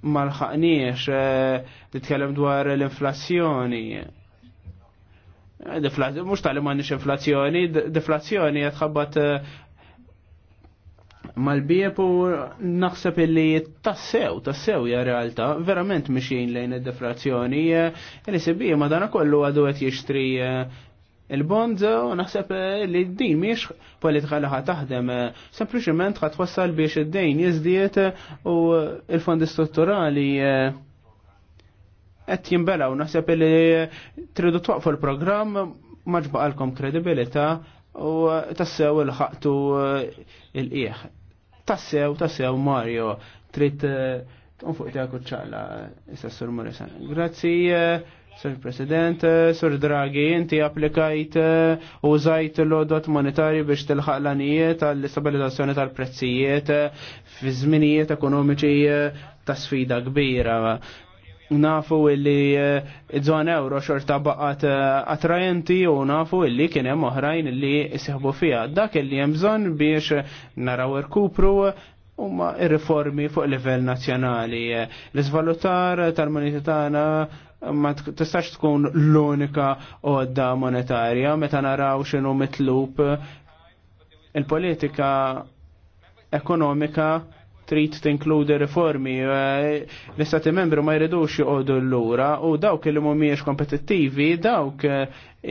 malħaqniex titkellem dwar l-inflazzjoni mux tal ma nix inflazzjoni, deflazzjoni jatħabbat eh, mal-bieb u naħseb illi tassew, tassew ja realta, verament mxin lejn id-deflazzjoni, eh, l-SB ma dana kollu għadu għet jishtri eh, il-bond u naħseb li d-din miex politika li taħdem. Sempliciment ħat wassal biex id-dejn jizdiet u il-fondi strutturali qed jimbelaw naħseb li tridu twaqfu l-programm ma ġbaqalkom kredibilità u tassew il-ħaqtu eh, il-qieħ. Tassew, tassew Mario, trid eh, fuq tiegħek ċalla issa Sur Murisa. Grazzi, eh, Sur President, Sur Draghi, inti applikajt u użajt l-odot monetari biex tilħaq l-anijiet għall-istabilizzazzjoni tal-prezzijiet fi żminijiet ekonomiċi ta' sfida kbira nafu illi eh, id-żon euro xorta baqat eh, attrajenti u nafu illi kien hemm oħrajn illi jsiħbu fiha. Dak illi hemm bżonn biex naraw irkupru huma ir-riformi fuq livell nazzjonali. L-iżvalutar tal-moneta tagħna ma tistax tkun l-unika għodda monetarja meta naraw x'inhu mitlub il-politika ekonomika trid tinkludi riformi eh, l-istati membru ma jridux joqogħdu lura u dawk li mhumiex kompetittivi dawk eh,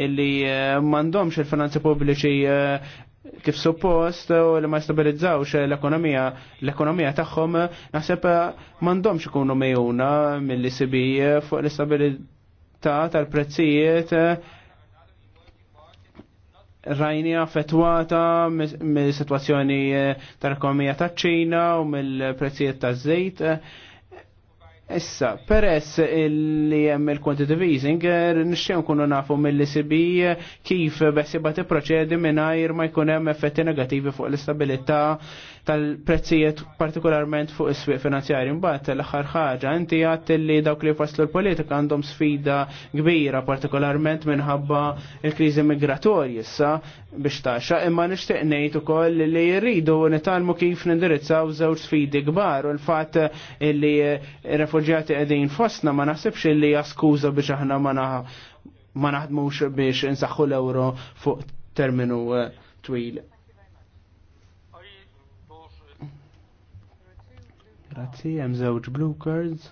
li eh, m'għandhomx il-finanzi pubbliċi kif suppost u li ma stabilizzawx l-ekonomija l-ekonomija tagħhom naħseb m'għandhomx ikunu mejuna mill-ECB fuq l-istabilità tal-prezzijiet Rajni affettwata mill-situazzjoni eh, tal-ekonomija ta' ċina u mill-prezzijiet ta' żejt. Issa, peress li hemm il-quantitative easing, eh, nixxew kunu nafu mill-ECB eh, kif beħsiba tipproċedi mingħajr ma jkun hemm effetti negativi fuq l-istabilità tal-prezzijiet partikolarment fuq is-swieq finanzjarju Mbagħad l-aħħar ħaġa inti għadt li dawk li faslu l-politika għandhom sfida kbira partikolarment minħabba l-kriżi migratorji issa biex taxxa, imma nixtieq ngħid ukoll li jridu nitalmu kif nindirizzaw żewġ sfidi kbar u l-fatt li refuġjati qegħdin fostna ma naħsibx li jaskuża biex aħna ma naħdmux biex insaħħu l ewro fuq terminu eh, twil. Grazzi, hemm żewġ blue cards.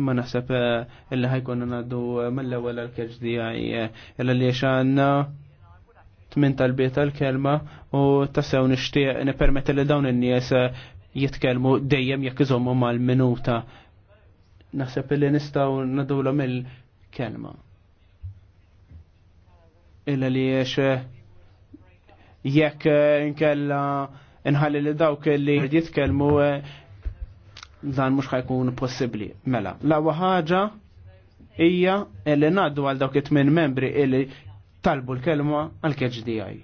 Imma naħseb eh, illi ħajkun ngħaddu eh, mill-ewwel għall kerġ DI illa li għandna tmin tal-biet tal-kelma u tassew nixtieq nippermetti li dawn in-nies eh, jitkellmu dejjem jekk iżommu mal-minuta. Naħseb illi nistgħu nadulhom mill kelma Illa li jekk inkella inħalli li dawk li jitkellmu eh, dan mhux ħajkun possibbli. Mela, la ħaġa hija li ngħaddu għal dawk it tmin membri illi talbu l-kelma għal KHDI.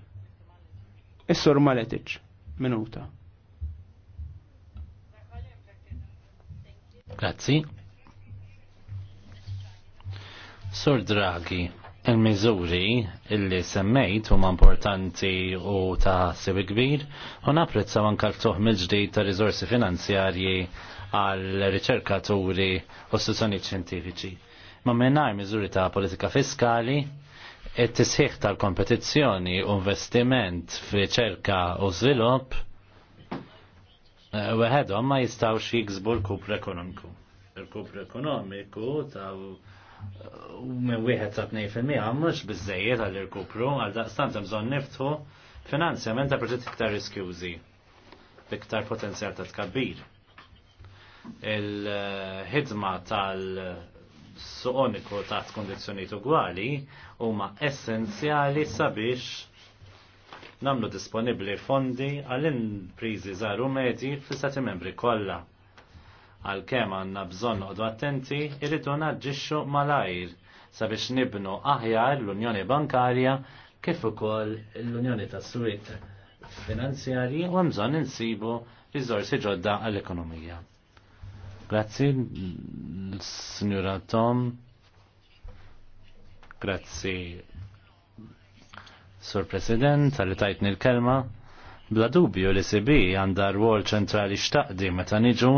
Is-sur Maletic, minuta. Grazzi. Sor Draghi, Il-miżuri illi semmejt huma importanti u ta' sewi kbir u napprezzaw anke l-ftuħ mill-ġdid ta' riżorsi finanzjarji għal riċerkaturi u istituzzjonijiet xjentifiċi. Ma mingħajr miżuri ta' politika fiskali, it-tisħiħ tal-kompetizzjoni u investiment f'riċerka u żvilupp eh, weħedhom ma jistgħux jiksbu l-kupru ekonomiku. Il-kupru ekonomiku ta' u minn wieħed sa tnejn fil-mija mhux biżejjed għal irkupru għal daqstant hemm bżonn niftħu finanzjament ta' proġett iktar riskjużi b'iktar potenzjal ta' tkabbir. Il-ħidma tal-suqoniku taħt kondizzjonijiet ugwali huma essenzjali sabiex namlu disponibli fondi għall-imprizi żaru medji fl istati membri kollha għal kem għanna bżon noqdu attenti, irridu naġġixxu malajr sabiex nibnu aħjar l-Unjoni Bankarja kif ukoll l-Unjoni tas swit Finanzjarji u bżonn insibu riżorsi ġodda għall-ekonomija. Grazzi l-Sinjura Tom. Grazzi Sur President, għalli tajtni l-kelma. Bla dubju li sibi għandha rwol ċentrali xtaqdi meta niġu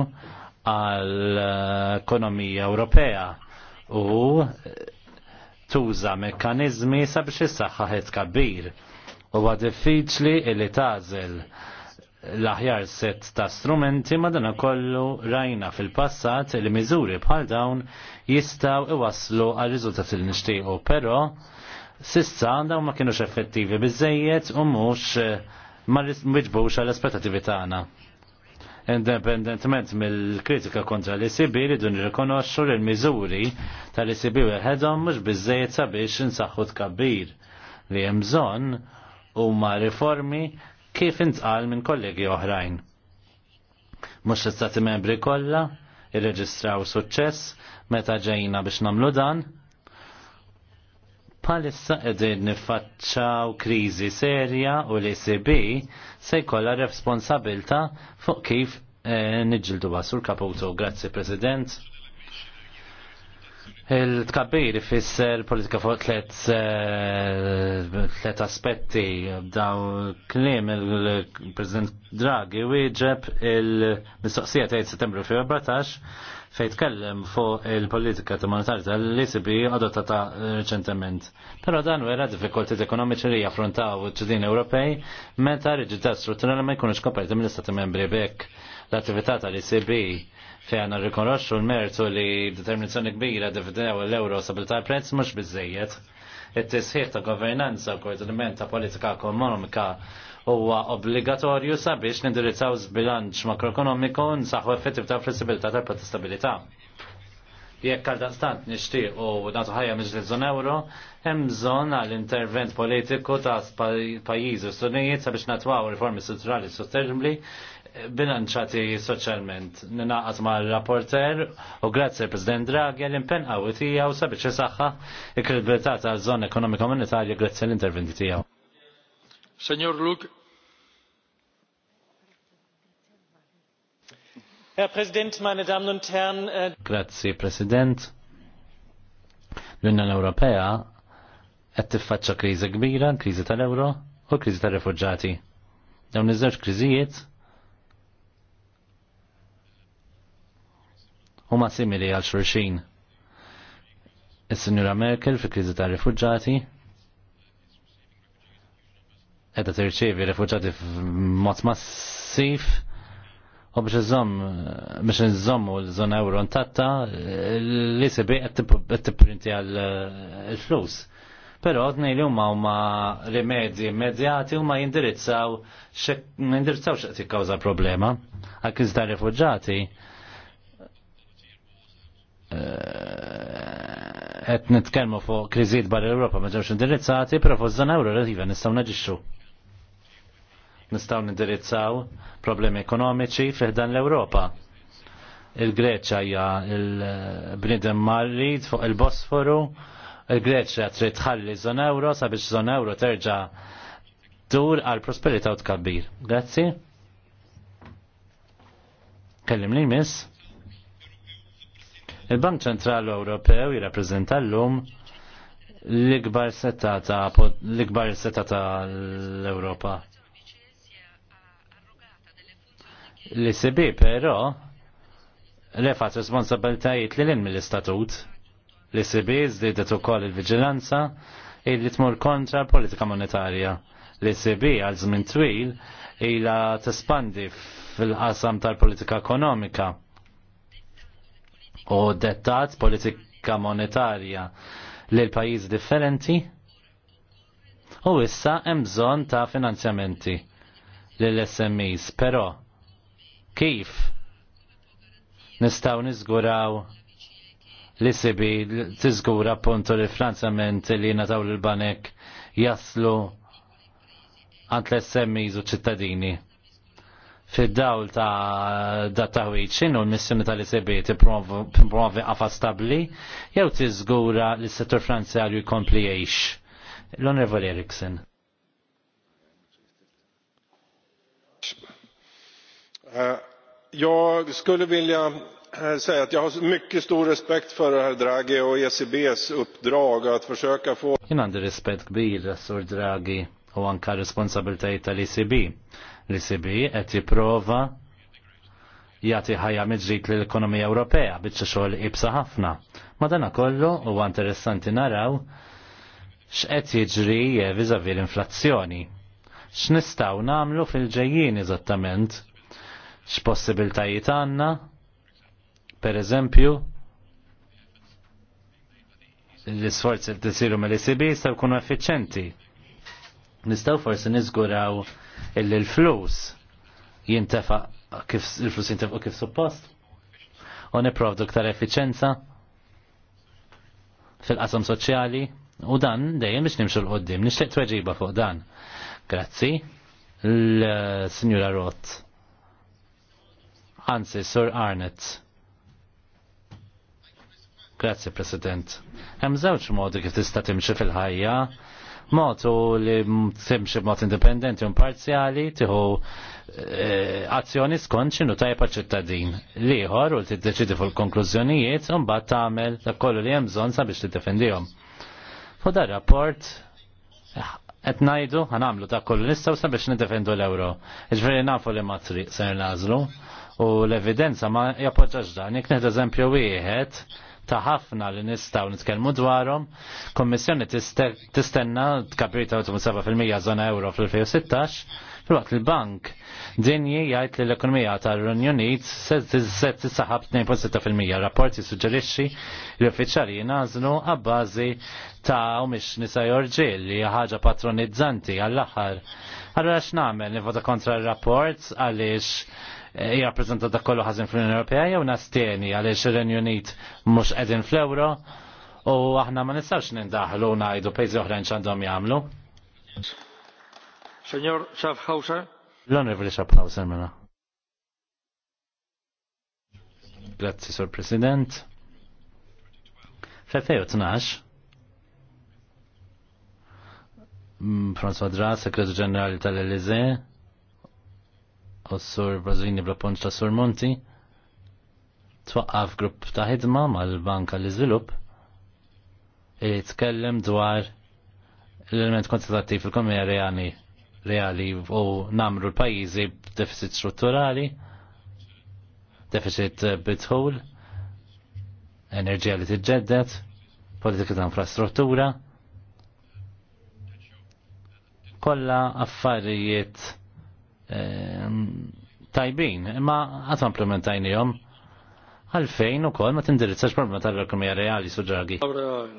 għall-ekonomija Ewropea u tuża mekkanizmi sabiex ħed kabbir u diffiċli li tażel l-aħjar set ta' strumenti madana kollu rajna fil-passat li miżuri bħal dawn jistaw iwaslu għal riżultati li nixtiequ, però sissa dawn ma kienux effettivi biżejjed u mhux ma wiġbux għall-aspettativi tagħna. Independentment mill-kritika kontra l-ECB li dun rikonoxxu l miżuri tal-ECB u ħedhom mhux biżejjed sabiex insaħħu tkabbir li hemm bżonn huma riformi kif intqal minn kollegi oħrajn. Mhux l-istati membri kollha irreġistraw suċċess meta ġejna biex nagħmlu dan, Palissa edin nifacċaw krizi serja u l-ECB se jkollha responsabilta fuq kif e, eh, niġġildu basur kaputo. Grazzi, President. Il-tkabbir fisser politika fuq tlet, eh, tlet aspetti daw klim il-President Draghi wieġeb il-mistoqsija tajt settembru 2014 fejn tkellem fuq il-politika ta' monetarja tal-ECB adottata reċentement. Però dan wera difficultiet ekonomiċi li jaffrontaw iċ-ċittadini Ewropej meta riġidità strutturali ma jkunux koperti mill-Istati membri bekk l-attività tal-ECB fejn rikonoxxu l-mertu li determinazzjoni kbira dividew l-euro stabilità prezz mhux biżejjed it-tisħiħ ta' governanza u koordinament ta' politika ekonomika huwa obbligatorju sabiex nindirizzaw bilanċ makroekonomiku nsaħħu effettiv ta' flessibilità tal-pat stabilità jekk għal daqstant nixtieq u nagħtu ħajja żon euro, hemm bżonn għal intervent politiku ta' pajjiżi u sunijiet sabiex natwaw riformi strutturali sostenibbli eh, bilanċati soċjalment. Ninaqas ma' rapporter u grazzi President Draghi l-impen qawwi tiegħu sabiex isaħħa il-kredibilità tal-żon ekonomika monetarja grazzi l-interventi tiegħu herr präsident meine damen und herren! Äh, president l-unjoni ewropea qed tiffaċċja kriżi kbira kriżi tal-ewro u kriżi tar-refuġġati. Dawn iż-żewġ kriżijiet huma simili għal xulxin. Is-Sinjura Merkel fi kriżi tar-refuġġati edha tirċievi refuġati f'mod massif u biex n-zom biex u l zon euro li l-ECB qed tipprinti għal eh, il-flus. Però għadni li huma huma rimedzi immedjati huma jindirizzaw jindirizzaw x'qed kawza problema. Għal kien ta' refuġati għet eh, nitkelmu fuq kriżijiet bar Europa ma ġewx indirizzati, però fuq żona euro relativa nistgħu naġixxu nistaw nindirizzaw problemi ekonomiċi fiħdan l-Europa. Il-Greċa hija il-bnidem marrid fuq il-Bosforu, il-Greċa trid tħalli zon euro sabiex zon euro terġa' tur għal prosperità u tkabbir. Grazzi. Kellim li miss. Il-Bank Ċentrali Ewropew jirrappreżenta llum l-ikbar setta l-ikbar setata ta' l-Ewropa Li sibi però refat responsabiltajiet li l-in mill-istatut li sibi zdidet ukoll il-viġilanza li tmur kontra politika monetarja li sebi għal żmien twil ila tespandi fil-qasam tal-politika ekonomika u dettat politika monetarja l pajjiż differenti u issa hemm bżonn ta' finanzjamenti lill-SMEs, però kif nistaw nizguraw li sibi tizgura puntu li franzament li nataw l-banek jaslu għant l-SMIs u ċittadini. Fid-dawl ta' da taħwit, xinu l-missjoni tal-ECB t-promovi għafa stabli, jew t-izgura l-settur franzjarju jkompli jiex. L-Onorevoli Eriksen. Eh, jag skulle vilja eh, säga att jag har mycket stor respekt för herr Draghi och ECBs uppdrag att försöka få... Jien għandi rispett kbir sur Draghi u anka responsabiltajiet tal-ECB. L-ECB qed jipprova jagħti ħajja miġrit lill-ekonomija Ewropea biċċa xogħol ibsa ħafna. Madana kollu huwa interessanti naraw x'qed jiġri viżavi l-inflazzjoni. X'nistgħu nagħmlu fil-ġejjin eżattament x'possibiltajiet għandna, per eżempju, l-isforzi li me mill-ECB jistaw jkunu effiċenti. Nistgħu forsi niżguraw il l-flus jintefa' kif il-flus jintefa kif suppost u niprovdu ktar effiċenza fil-qasam soċjali u dan dejjem biex nimxu l-qoddim, nixtieq tweġiba fuq dan. Grazzi, l-Sinjura Roth anzi Sur Arnett. Grazie, President. Hemm żewġ modi kif tista' timxi fil-ħajja. Motu li timxi b'mod indipendenti u imparzjali tieħu eh, azzjoni skont x'inhu tajba ċittadin. Lieħor u tiddeċidi fuq konklużjonijiet u mbagħad tagħmel dak kollu li hemm bżonn sabiex tiddefendihom. Fu dar rapport qed ngħidu ħanamlu dak kollu nistgħu sabiex niddefendu l-ewro. Iġveri nafu li matri triq ser nażlu u l-evidenza ma jappoġġax dan. Jek neħda eżempju wieħed ta' ħafna li nistaw nitkellmu dwarhom, kommissjoni tistenna tkabir ta' 7% zona euro fl-2016, fil-waqt il-bank dinji jgħid li l-ekonomija tal-Unjoni se tissaħab 2.6%. Rapporti suġġerixxi li uffiċjali jinażlu għabbażi ta' u mhix nisa jorġiel li ħaġa patronizzanti għall-aħħar. Allora x'nagħmel nivota kontra r-rapport għaliex jirrappreżenta da kollu ħażin fl-Unjoni Ewropea jew nastieni għaliex ir-Renju Unit mhux qegħdin fl-ewro u aħna ma nistax nindaħlu ngħidu pejżi oħrajn x'għandhom jagħmlu. Senjor Schaffhauser. L-Onorevoli Schaffhauser mela. Grazzi, Sur President. fl tnax. François Dras, Sekretu Ġenerali tal-Elize, u s-sur Brazilini bla appoġġ ta' Sur Monti twaqqaf grupp ta' ħidma mal-Banka li iżvilupp li tkellem dwar l-element konsultattiv fil komija reali reali u namru l pajizi b'deficit strutturali, deficit bitħul, enerġija li tiġġeddet, politika ta' infrastruttura, Kolla affarijiet Ehm, tajbin, imma għat jom għalfejn u kol ma tindirizzax problema tal-ekonomija reali suġagi.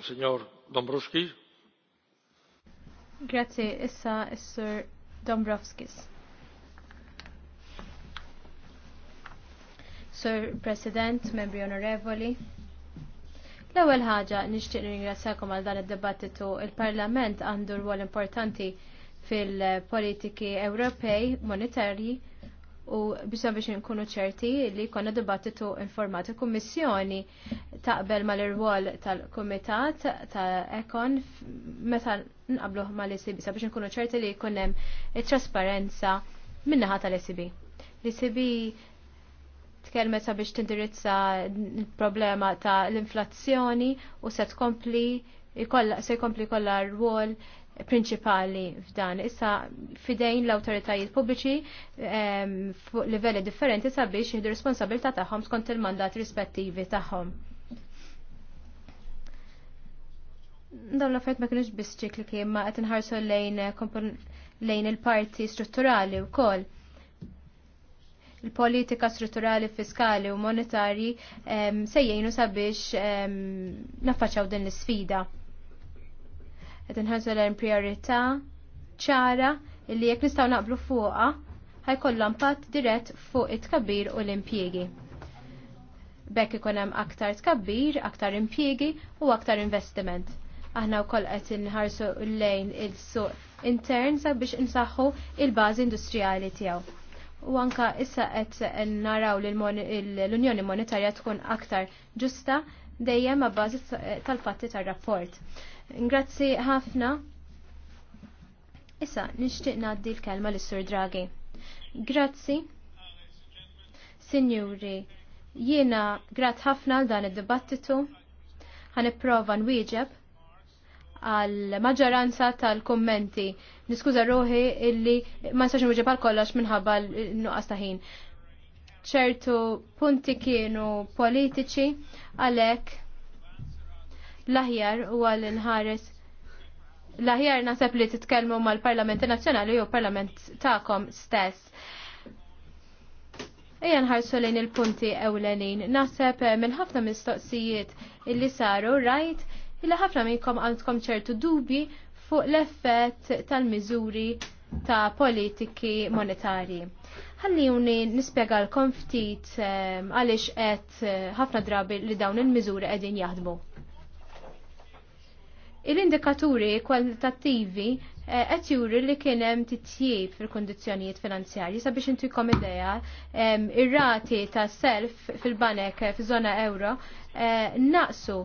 Signor Dombrovski. Grazie, issa is-sur Dombrovskis. Sur President, membri onorevoli, l-ewwel ħaġa nixtieq ringrazzjakom għal dan id-dibattitu. Il-Parlament għandu rwol importanti fil-politiki Ewropej monetarji u bisa biex nkunu ċerti li konna dibattitu informati kummissjoni taqbel mal irwol tal-Kumitat tal-Ekon meta nqablu mal-ECB sa biex nkunu ċerti li kunem trasparenza minnaħa tal-ECB. L-ECB tkelmet sa biex tindirizza il-problema ta' l-inflazzjoni u se tkompli se jkompli kollha rwol prinċipali f'dan. Issa fidejn l-autoritajiet pubbliċi ehm, fuq livelli differenti sabiex jihdu responsabilta tagħhom skont il-mandat rispettivi tagħhom. Dawn l-affarijiet ma kienux biss ċikliki ma qed inħarsu lejn lejn il-parti strutturali wkoll il-politika strutturali, fiskali u monetarji ehm, sejjejnu sabiex ehm, naffaċċaw din l isfida qed inħarsu l priorità ċara illi jekk nistgħu naqblu fuqha ħajkollha impatt dirett fuq it-tkabbir u l-impjiegi. Bekk ikun hemm aktar tkabbir, aktar impjiegi u aktar investiment. Aħna wkoll qed inħarsu lejn il-suq intern sabiex insaħħu il-bażi industrijali tiegħu. U anka issa qed naraw l-Unjoni Monetarja tkun aktar ġusta dejjem ma' bażi tal-fatti tar-rapport. Ingrazzi ħafna. Issa, nixtieq ngħaddi l-kelma lis-Sur Draghi. Grazzi. Sinjuri, jiena grat ħafna għal dan id-dibattitu. Ħanipprova nwieġeb għal maġġoranza tal-kommenti. Niskuża ruħi illi ma nistax nwieġeb għal kollox minħabba l-nuqqas ta' ħin ċertu punti kienu politiċi għalhekk l-aħjar u għal nħares l-aħjar nasab li titkellmu mal-Parlamenti Nazzjonali u Parlament ta'kom stess. Ejja nħarsu lejn il-punti ewlenin. Naseb eh, minn ħafna mistoqsijiet illi saru rajt illi ħafna minnkom għandkom ċertu dubi fuq l-effett tal-miżuri ta' politiki monetari. Ħalli juni nispjegalkom ftit eh, għaliex qed eh, ħafna drabi li dawn il-miżuri qegħdin jaħdmu. Il-indikaturi kwalitattivi eh, qed juri li kien hemm titjib fil kundizzjonijiet finanzjarji sabiex intikom idea ir-rati ta' self fil-banek eh, fiż-żona euro eh, naqsu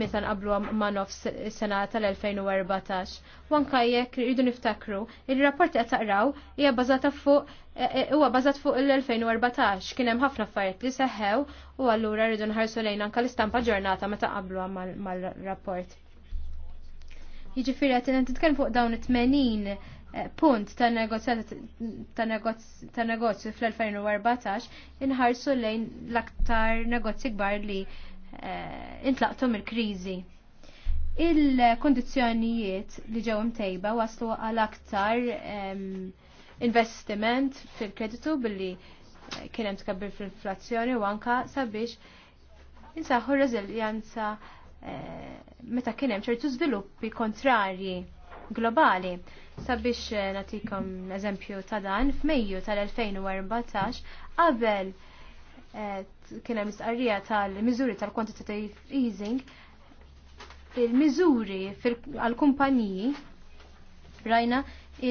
meta nqablu ma' nofs sena tal-2014. Wanka jekk irridu niftakru, il-rapport qed taqraw hija bażata fuq huwa bażat fuq l-2014 kien hemm ħafna affarijiet li seħħew u allura rridu nħarsu lejn anke l-istampa ġurnata meta qablu mal-rapport. Jiġifieri qed nitkellem fuq dawn it-80 eh, punt ta' negozju fl-2014 inħarsu lejn l-aktar negozji kbar li eh, intlaqtu mill-kriżi. Il-kondizjonijiet li ġew imtejba waslu għal aktar investiment fil-kreditu billi eh, kien hemm tkabbir fl-inflazzjoni u anka sabiex insaħħu r-reżiljanza Eh, meta kien hemm ċertu żviluppi kontrarji globali. Sabiex eh, natikom eżempju ta' dan, f'Mejju tal-2014 qabel eh, kien hemm istqarrija tal-miżuri tal-quantitative easing, il-miżuri għal-kumpaniji rajna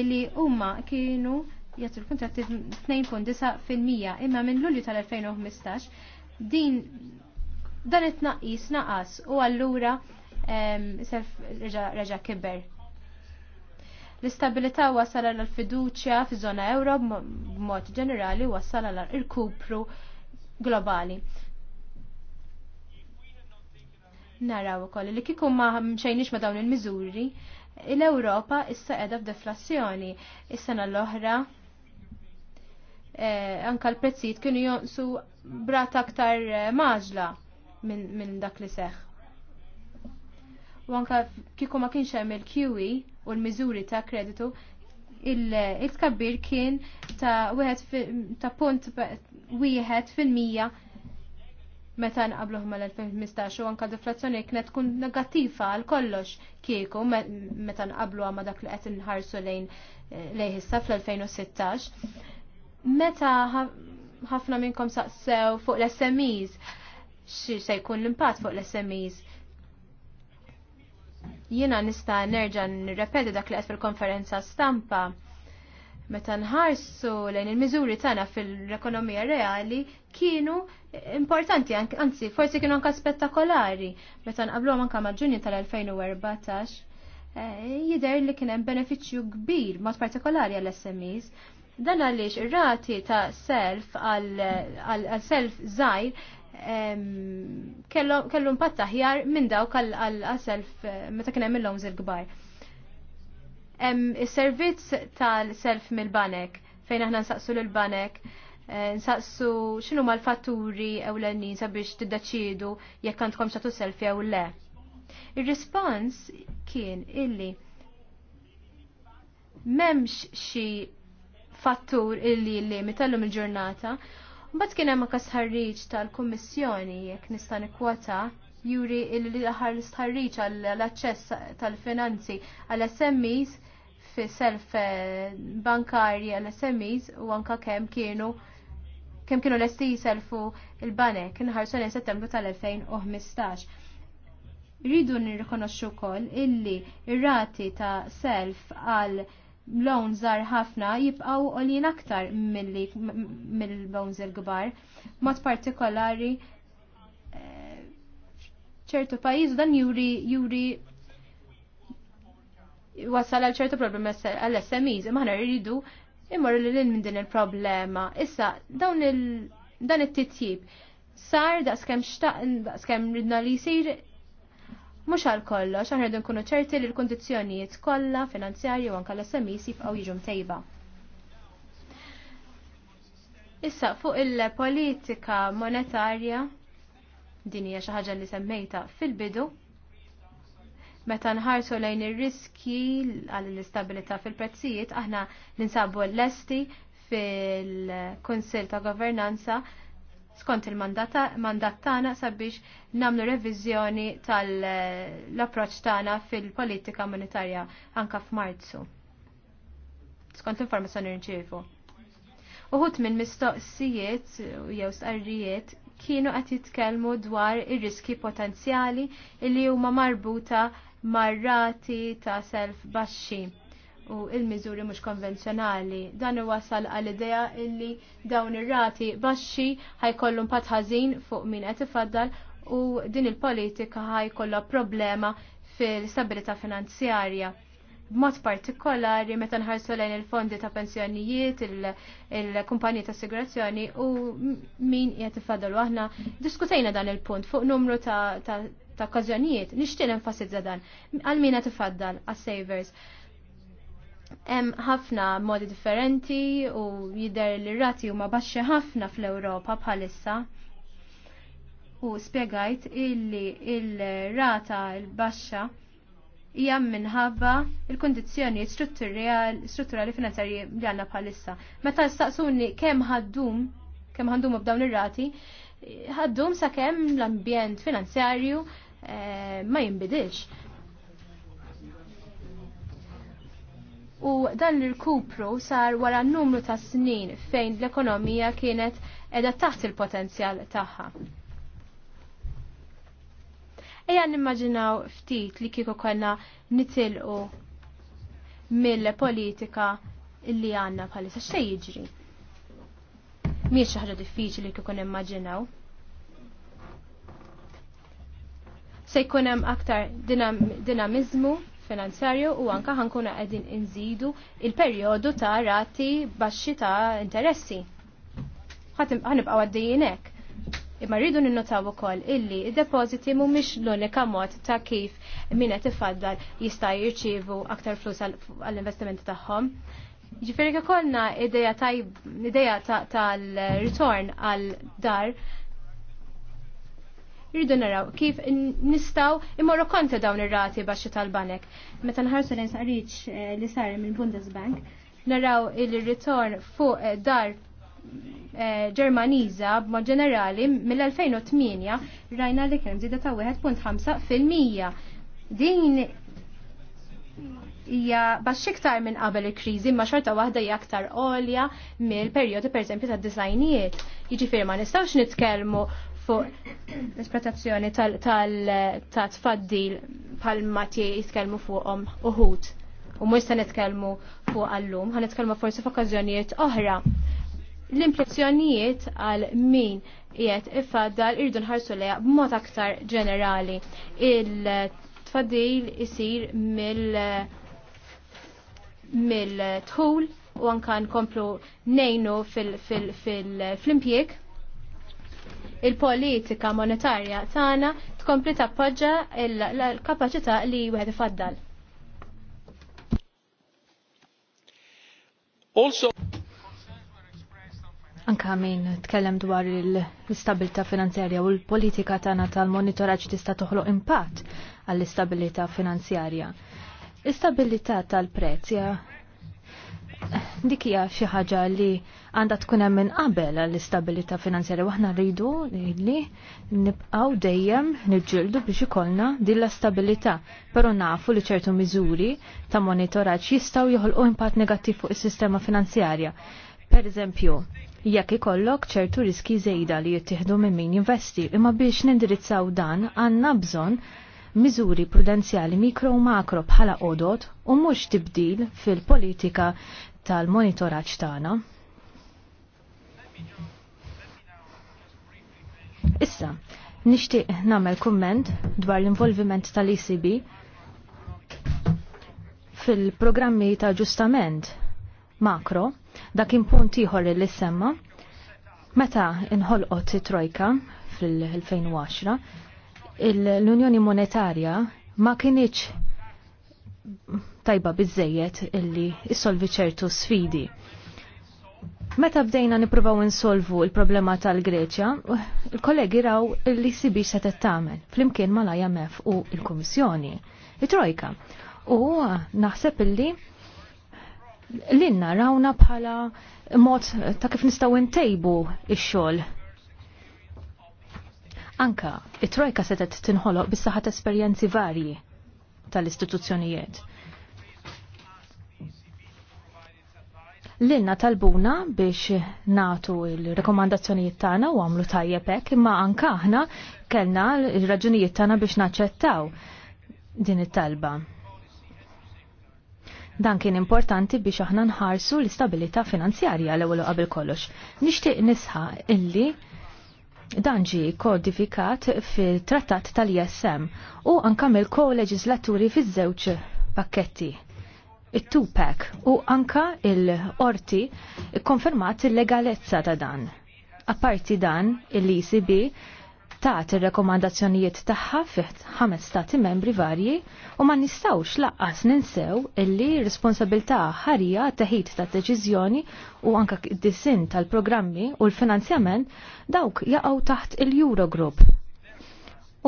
illi huma kienu jgħatu l-kontratti 2.9% imma minn lulju tal-2015 din dan it naqis naqas u allura reġa kiber. L-istabilità wasala l-fiduċja fi zona euro b'mod ġenerali wasala l-irkupru globali. Naraw ukoll li kieku ma mxejnix ma dawn il-miżuri, l-Ewropa issa qiegħda f'deflazzjoni. Is-sena l-oħra eh, anka l-prezzijiet kienu jonsu brat aktar eh, maġla minn dak li seħħ. U anka kieku ma kienx hemm il-QE u l-miżuri ta' kreditu, il-tkabbir kien ta' wieħed ta' punt wieħed fil-mija meta nqabluh mal-2015 u anka deflazzjoni kienet tkun negattiva għal kollox kieku meta nqablu ma dak li qed inħarsu lejn lejn issa fl-2016. Meta ħafna minnkom saqsew fuq l-SMEs, xi se jkun l-impatt fuq l-SMEs. Jiena nista' nerġa' nirrepeti dak li qed fil-konferenza stampa meta nħarsu lejn il-miżuri tagħna fil-ekonomija reali kienu importanti anzi forsi kienu anka spettakolari meta nqablu anke ma' Ġunju tal-2014 eh, jidher li kien hemm benefiċċju kbir mod partikolari għall smes Dan għaliex ir-rati ta' self għal self żgħir kellu impatt ħjar minn dawk għal-self eh, meta kien hemm il-lowns il-kbar. Is-servizz tal-self mill-banek fejn aħna nsaqsu l-banek eh, nsaqsu x'inhu l fatturi ew l-għannin sabiex tiddeċidu jekk għandkom xatu selfie jew le. Ir-rispons kien illi memx xi fattur illi li l il-ġurnata Mbagħad kien hemm kasħarriġ tal-Kummissjoni jekk nista' nikkwota juri il-aħħar sħarriġ għall-aċċess tal-finanzi għal SMEs fi self eh, bankarji għal SMEs u anka kemm kienu kemm kienu lesti selfu il-banek inħarsu settembru tal-2015 Ridu nirrikonoxxu wkoll illi ir-rati ta' self għal lawn zar ħafna jibqaw olin aktar mill-lawns il-gbar. Mod partikolari eh, ċertu pajiz dan juri juri wasal għal ċertu problemi għall-SMEs, imma rridu immorru li l-min din il-problema. Issa, dawn il- dan it-titjib sar daqskem xtaq daqskem ridna li jisir Mhux għal kollo, aħna rridu nkunu ċerti li l-kundizzjonijiet kollha finanzjarji u anke l-SMEs jibqgħu jiġu mtejba. Issa fuq il-politika monetarja din hija xi ħaġa li semmejta fil-bidu meta nħarsu lejn ir-riski għal l-istabilità fil-prezzijiet aħna ninsabu l-lesti fil-Kunsill ta' Governanza skont il-mandat tagħna sabiex nagħmlu reviżjoni tal-approċċ tagħna fil-politika monetarja anka f'Marzu. Skont l-informazzjoni rċievu. Uħut minn mistoqsijiet jew stqarrijiet kienu qed jitkellmu dwar ir-riski potenzjali li huma marbuta mar-rati ta' self baxxi u il-miżuri mhux konvenzjonali. Dan wasal għal idea illi dawn ir-rati baxxi ħajkollhom pat ħażin fuq min qed ifaddal u din il-politika ħajkollha problema fil-stabilità finanzjarja. B'mod partikolari meta nħarsu lejn il-fondi ta' pensjonijiet, il-kumpaniji ta' assigurazzjoni u min qed ifadlu aħna diskutejna dan il-punt fuq numru ta' ta' okkażjonijiet nixtieq enfasizza dan għal min qed ifaddal għas-savers. Hemm ħafna modi differenti u jidher li rati huma baxxi ħafna fl-Ewropa bħalissa. U spjegajt illi il-rata l-baxxa hija minħabba il-kondizzjoni strutturali finanzjarji li għandna bħalissa. Meta staqsuni kemm ħaddum kemm ħandum b'dawn ir-rati, ħaddum sakemm l-ambjent finanzjarju eh, ma jinbidilx. u dan l kupru sar wara n-numru ta' snin fejn l-ekonomija kienet edha taħt il-potenzjal tagħha. Eja nimmaġinaw ftit li kieku konna nitilqu mill-politika li għanna palisa xe jiġri. Miex ħaġa diffiċli kieku nimmaġinaw. Se jkun hemm aktar dinamizmu finanzjarju u anka ħankuna qegħdin inżidu il-perjodu ta' rati baxxi ta' interessi. Ħanibqgħu għaddejjin hekk. Imma rridu ninnotaw ukoll illi id-depożiti mhumiex l-unika mod ta' kif min qed ifaddal jista' jirċievu aktar flus għall-investimenti tagħhom. Jiġifieri kolna idea tal ritorn għal dar rridu naraw kif nistaw imorru konta dawn ir-rati baxxi tal-banek. Meta nħarsu l saqriċ eh, li sar minn Bundesbank, naraw il-ritorn fuq eh, dar eh, Ġermaniża b'mod ġenerali mill-2008 rajna li kien żieda ta' 1.5 Din hija baxx iktar minn qabel il-kriżi ma xorta waħda hija aktar għolja mill-perjodi pereżempju tad-disajnijiet. Jiġifieri ma nistgħux nitkellmu fuq l-esplotazzjoni tal tfaddil pal mati jitkelmu fuqhom uħut. U mhux se nitkellmu fuq għallum, ħan nitkellmu forsi f'okkażjonijiet oħra. L-implikazzjonijiet għal min jiet ifaddal irridu nħarsu leja b'mod aktar ġenerali. Il-tfaddil isir mill mill-tħul u għankan nkomplu nejnu fil-impjek. Fil, fil, fil, fil il-politika monetarja tagħna tkompli tappoġġa l-kapaċità li wieħed ifaddal. Also Anka min tkellem dwar l-istabilità finanzjarja u l-politika tagħna tal-monitoraġġ tista' toħloq impatt għall-istabilità finanzjarja. Istabilità tal-prezz dik hija xi ħaġa li għandha tkun hemm minn qabel l-istabilità finanzjarja u aħna rridu li nibqgħu dejjem niġġieldu biex ikollna din l-istabilità. Però nafu li ċertu miżuri ta' monitoraġġ jistgħu joħolqu impatt negattiv fuq is-sistema finanzjarja. Per eżempju, jekk ikollok ċertu riski żejda li jittieħdu minn min jinvesti, imma biex nindirizzaw dan għandna bżonn miżuri prudenzjali mikro u makro bħala qodot u mhux tibdil fil-politika tal-monitoraġġ tagħna. Issa, nixtieq nagħmel komment dwar l-involviment tal-ECB fil-programmi ta' ġustament makro, dakin punt ieħor li semma, meta inħolqot trojka fil-2010, l-Unjoni Monetarja ma kienieċ tajba bizzejiet illi issolvi ċertu sfidi. Meta bdejna nipruvaw insolvu il-problema tal-Greċja, uh, il-kollegi raw li sibi se tagħmel flimkien l imf u il-Kummissjoni, il trojka U naħseb illi l-inna rawna bħala mod ta' kif nistgħu ntejbu ix-xogħol Anka, it-trojka setet tinħoloq bis-saħat esperjenzi varji tal-istituzzjonijiet. L-inna talbuna biex natu il-rekomandazzjonijiet tagħna u għamlu tajjebek, imma anka aħna kellna il-raġunijiet tagħna biex naċċettaw din it-talba. Dan kien importanti biex aħna nħarsu l-istabilità finanzjarja l-ewwel qabel kollox. Nixtieq nisħa illi dan ġi kodifikat fil-trattat tal-ISM u anka mill-koleġislaturi fiż-żewġ pakketti il-Tupac u anka il-Orti konfermat il-legalezza ta' dan. Apparti dan, il-ECB taħt il-rekomandazzjonijiet tagħha fiħt ħames stati membri varji u ma nistawx laqqas ninsew illi responsabilta ħarija teħid ta' deċiżjoni u anka disin tal-programmi u l-finanzjament dawk jaqaw taħt il-Eurogroup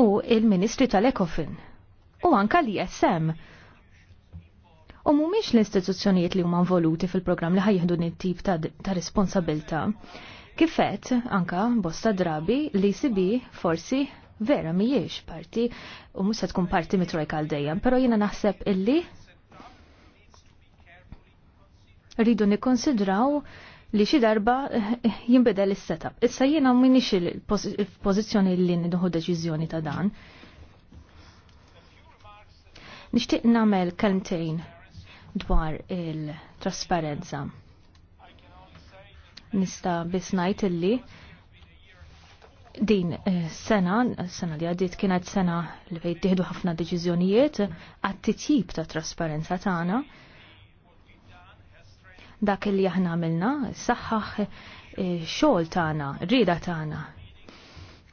u il-Ministri tal-Ecofin u anka l-ISM u mhumiex l-istituzzjonijiet li huma involuti fil-programm li ħajjieħdu din tip ta', ta responsabilta. Kifet anka bosta drabi li sibi forsi vera mhijiex parti u mhux se tkun parti mitroj għal dejjem, però jiena naħseb illi rridu nikkonsidraw li xi darba jinbidel is-setup. Issa jiena m'iniex il-pożizzjoni li nieħu deċiżjoni ta' dan. Nixtieq nagħmel kelmtejn dwar il-trasparenza. Nista bisnajt illi din eh, sena, sena li għaddit kienet sena li fejt diħdu ħafna deċiżjonijiet għat-titjib ta' trasparenza tagħna. Dak li aħna għamilna, saħħaħ eh, xogħol tagħna, rida tagħna.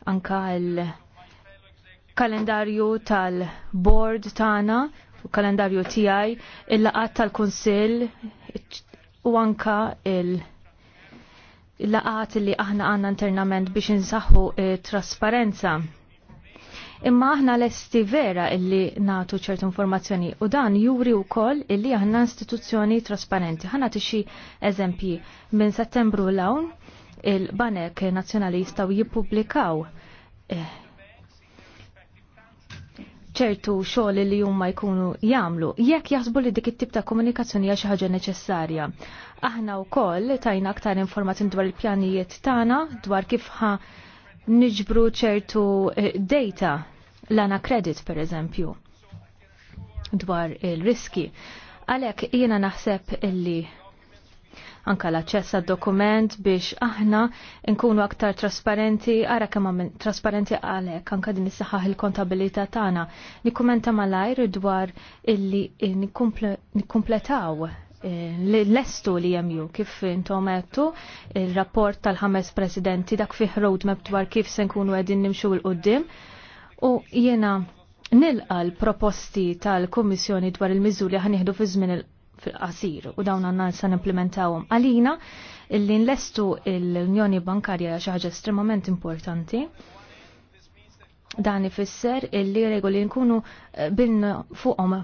Anka l-kalendarju tal-board tagħna kalendarju tiegħi il-laqat tal-Kunsill u anka il- laqat li aħna għanna internament biex insaħħu trasparenza. Imma aħna lesti vera illi natu ċertu informazzjoni u dan juri u koll illi aħna istituzzjoni trasparenti. ħana tixi eżempji minn settembru l-awn il-Banek Nazjonali jistaw jipublikaw eh, ċertu xogħol li huma jkunu jagħmlu jekk jaħsbu li dik it-tip ta' komunikazzjoni hija xi ħaġa neċessarja. Aħna wkoll tajna aktar informazzjoni dwar il-pjanijiet tagħna dwar kif ħa niġbru ċertu eh, data l-ana credit per eżempju dwar il-riski. Għalek jiena naħseb illi anka l-aċċess għad-dokument biex aħna nkunu aktar trasparenti, ara kemm trasparenti għalhekk anka din is-saħħaħ il-kontabilità tagħna. Nikkumenta malajr dwar illi nikkumpletaw eh, l-estu li jemju kif intom għettu il-rapport tal-ħames presidenti dak fih roadmap dwar kif se nkunu għedin nimxu l-qoddim u jena nilqa l-proposti tal-Komissjoni dwar il-miżuri ħanieħdu fi żmien fil-qasir u dawn għanna san implementawum. għalina illi nlestu l-Unjoni Bankarja xi ħaġa estremament importanti. Dan ifisser illi regoli nkunu eh, bin fuqhom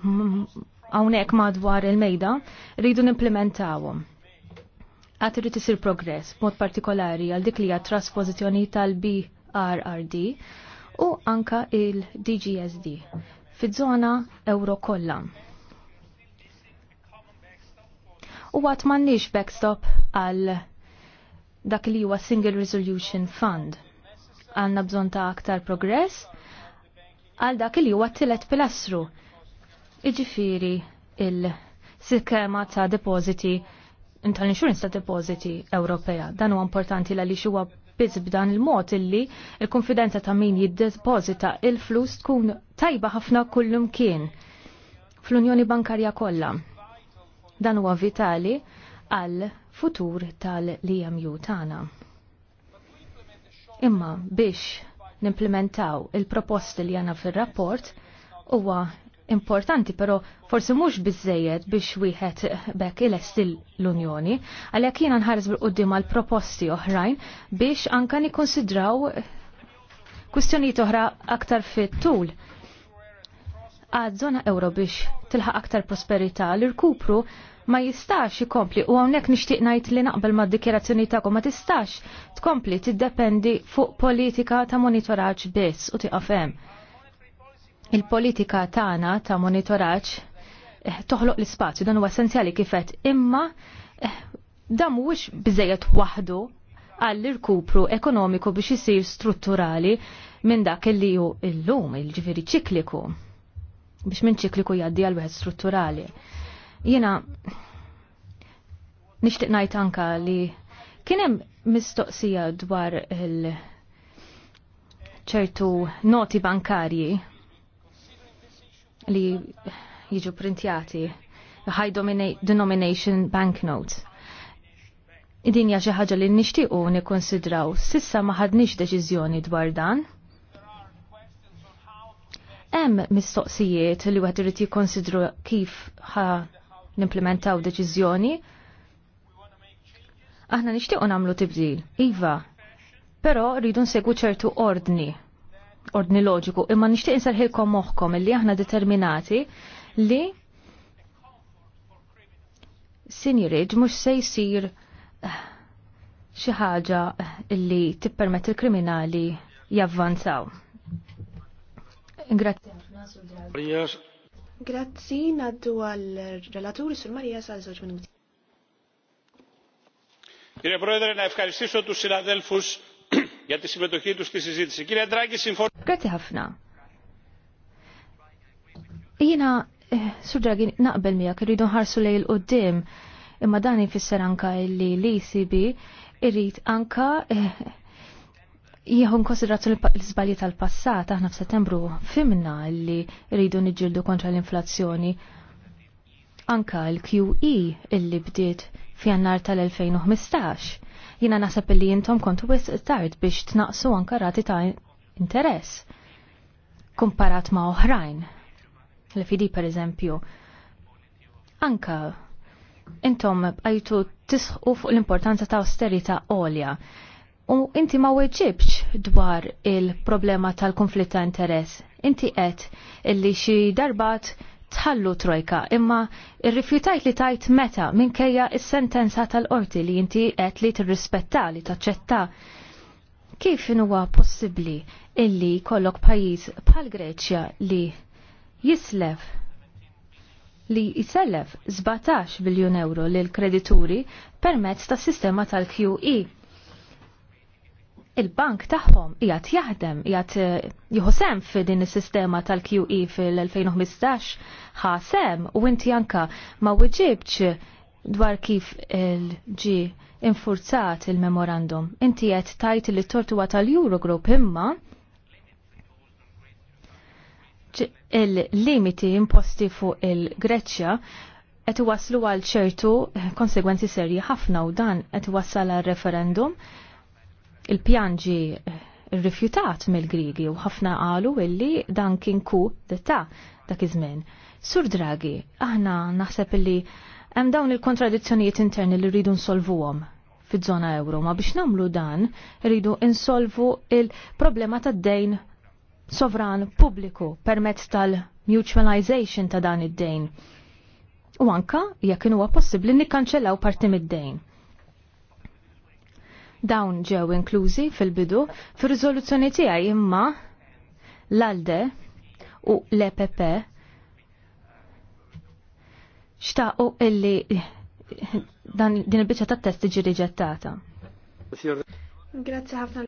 hawnhekk madwar il-mejda rridu n-implementawum. irrid isir progress mod partikolari għal dik li għat traspożizzjoni tal-BRRD u anka il-DGSD fiż-żona euro kollha u għat mannix backstop għal dak li huwa Single Resolution Fund. Għanna bżon ta' aktar progress għal dak li huwa t-tillet pilastru. Iġifiri il-sikema ta' depositi tal-insurance ta' depositi Ewropea. Dan huwa importanti għaliex huwa biss b'dan il-mod illi il-konfidenza ta' min jiddepozita il-flus tkun tajba ħafna kullum kien fl-Unjoni Bankarja kollha. Dan huwa vitali għal futur tal-LMU tagħna. Imma biex nimplementaw il-proposti li għana fil-rapport huwa importanti, pero forsi mhux bizzejed biex wieħed bekk il-estil l-Unjoni, għalhekk jiena nħares bil qoddim għal proposti oħrajn biex anka nikkonsidraw kwistjonijiet oħra aktar fit-tul għad żona euro biex tilħaq aktar prosperità l-irkupru ma jistax ikompli u hawnhekk nixtieq ngħid li naqbel mad-dikjerazzjoni tagħkom ma tistax tkompli tiddependi fuq politika ta' monitoraġġ biss u tiqaf Il-politika tagħna ta' monitoraġġ eh, toħloq l-ispazju dan huwa essenzjali kifet imma eh, dan mhuwiex biżejjed waħdu għall-irkupru ekonomiku biex isir strutturali minn dak li hu illum il ġifiri ċikliku biex minn ċikliku jgħaddi għal wieħed strutturali. Jena nixtieq ngħid anka li kien hemm mistoqsija dwar il ċertu noti bankarji li jiġu printjati high denomination banknotes. Idin hija xi ħaġa li nixtiequ nikkonsidraw sissa ma ħadniex deċiżjoni dwar dan. Hemm mistoqsijiet li wieħed irid jikkonsidru kif ħa nimplementaw deċiżjoni, aħna nixtiequ nagħmlu tibdil. Iva, però rridu nsegwu ċertu ordni, ordni loġiku, imma nixtieq inserħilkom moħħkom li aħna determinati li sinjiriġ mhux se jsir eh, xi ħaġa li tippermet il-kriminali javvanzaw. Grazie. Grazzi, naddu għal-relaturi sur Marija sal żewġ minuti. Κύριε Πρόεδρε, να ευχαριστήσω τους συναδέλφους για τη συμμετοχή τους στη συζήτηση. Κύριε Ντράγκη, συμφωνώ. Grazie ħafna. Jina, eh, Sur Draghi, naqbel miegħek irridu nħarsu lej il-qudiem, imma dan ifisser anka li l-ECB irrid anka eh, jieħu konsiderazzjoni l-izbalji tal-passat, aħna f'Settembru fimna li rridu niġġieldu kontra l-inflazzjoni. Anka l-QE illi bdiet f'jannar tal-2015. Jina nasab li jintom kontu wis tard biex tnaqsu anka rati ta' interess komparat ma' oħrajn. L-FD per eżempju. Anka intom bqajtu tisħu fuq l-importanza ta' austerita olja U inti ma weġibx dwar il-problema tal-konflitt ta' interess. Inti qed illi xi darbat tħallu trojka, imma irrifjutajt li tajt meta minkejja is-sentenza tal-qorti li inti qed li tirrispetta li taċċetta. Kif huwa possibbli illi kollok pajjiż bħal Greċja li jislef li jisellef 17 biljun euro lil kredituri permezz tas-sistema tal-QE? il-bank tagħhom qiegħed jaħdem qiegħed eh, jħosem fi f'din is-sistema tal-QE fil-2015 ħasem u inti janka ma wieġibx dwar kif il-ġi infurzat il-memorandum. Inti qed tajt li t-tortu tal-Eurogroup imma il-limiti imposti fuq il-Greċja qed waslu għal ċertu konsegwenzi serji ħafna u dan qed wassal għal referendum Il-pjan ġi rrifjutat eh, mill-Grigi u ħafna qalu illi dan kien ku detta dak iż-żmien. Sur Draghi, aħna naħseb illi hemm dawn il-kontradizzjonijiet interni li rridu nsolvuhom fiż-żona euro, ma biex nagħmlu dan rridu insolvu il-problema tad-dejn sovran pubbliku permezz tal-mutualization ta' dan id-dejn. U anka jekk huwa possibbli nikkanċellaw parti mid-dejn. Dawn ġew inklużi fil-bidu fir-riżoluzzjoni tiegħi imma l-ALDE u l-EPP xtaqu illi din il-biċċa tat-test tiġi riġettata. Grazie ħafna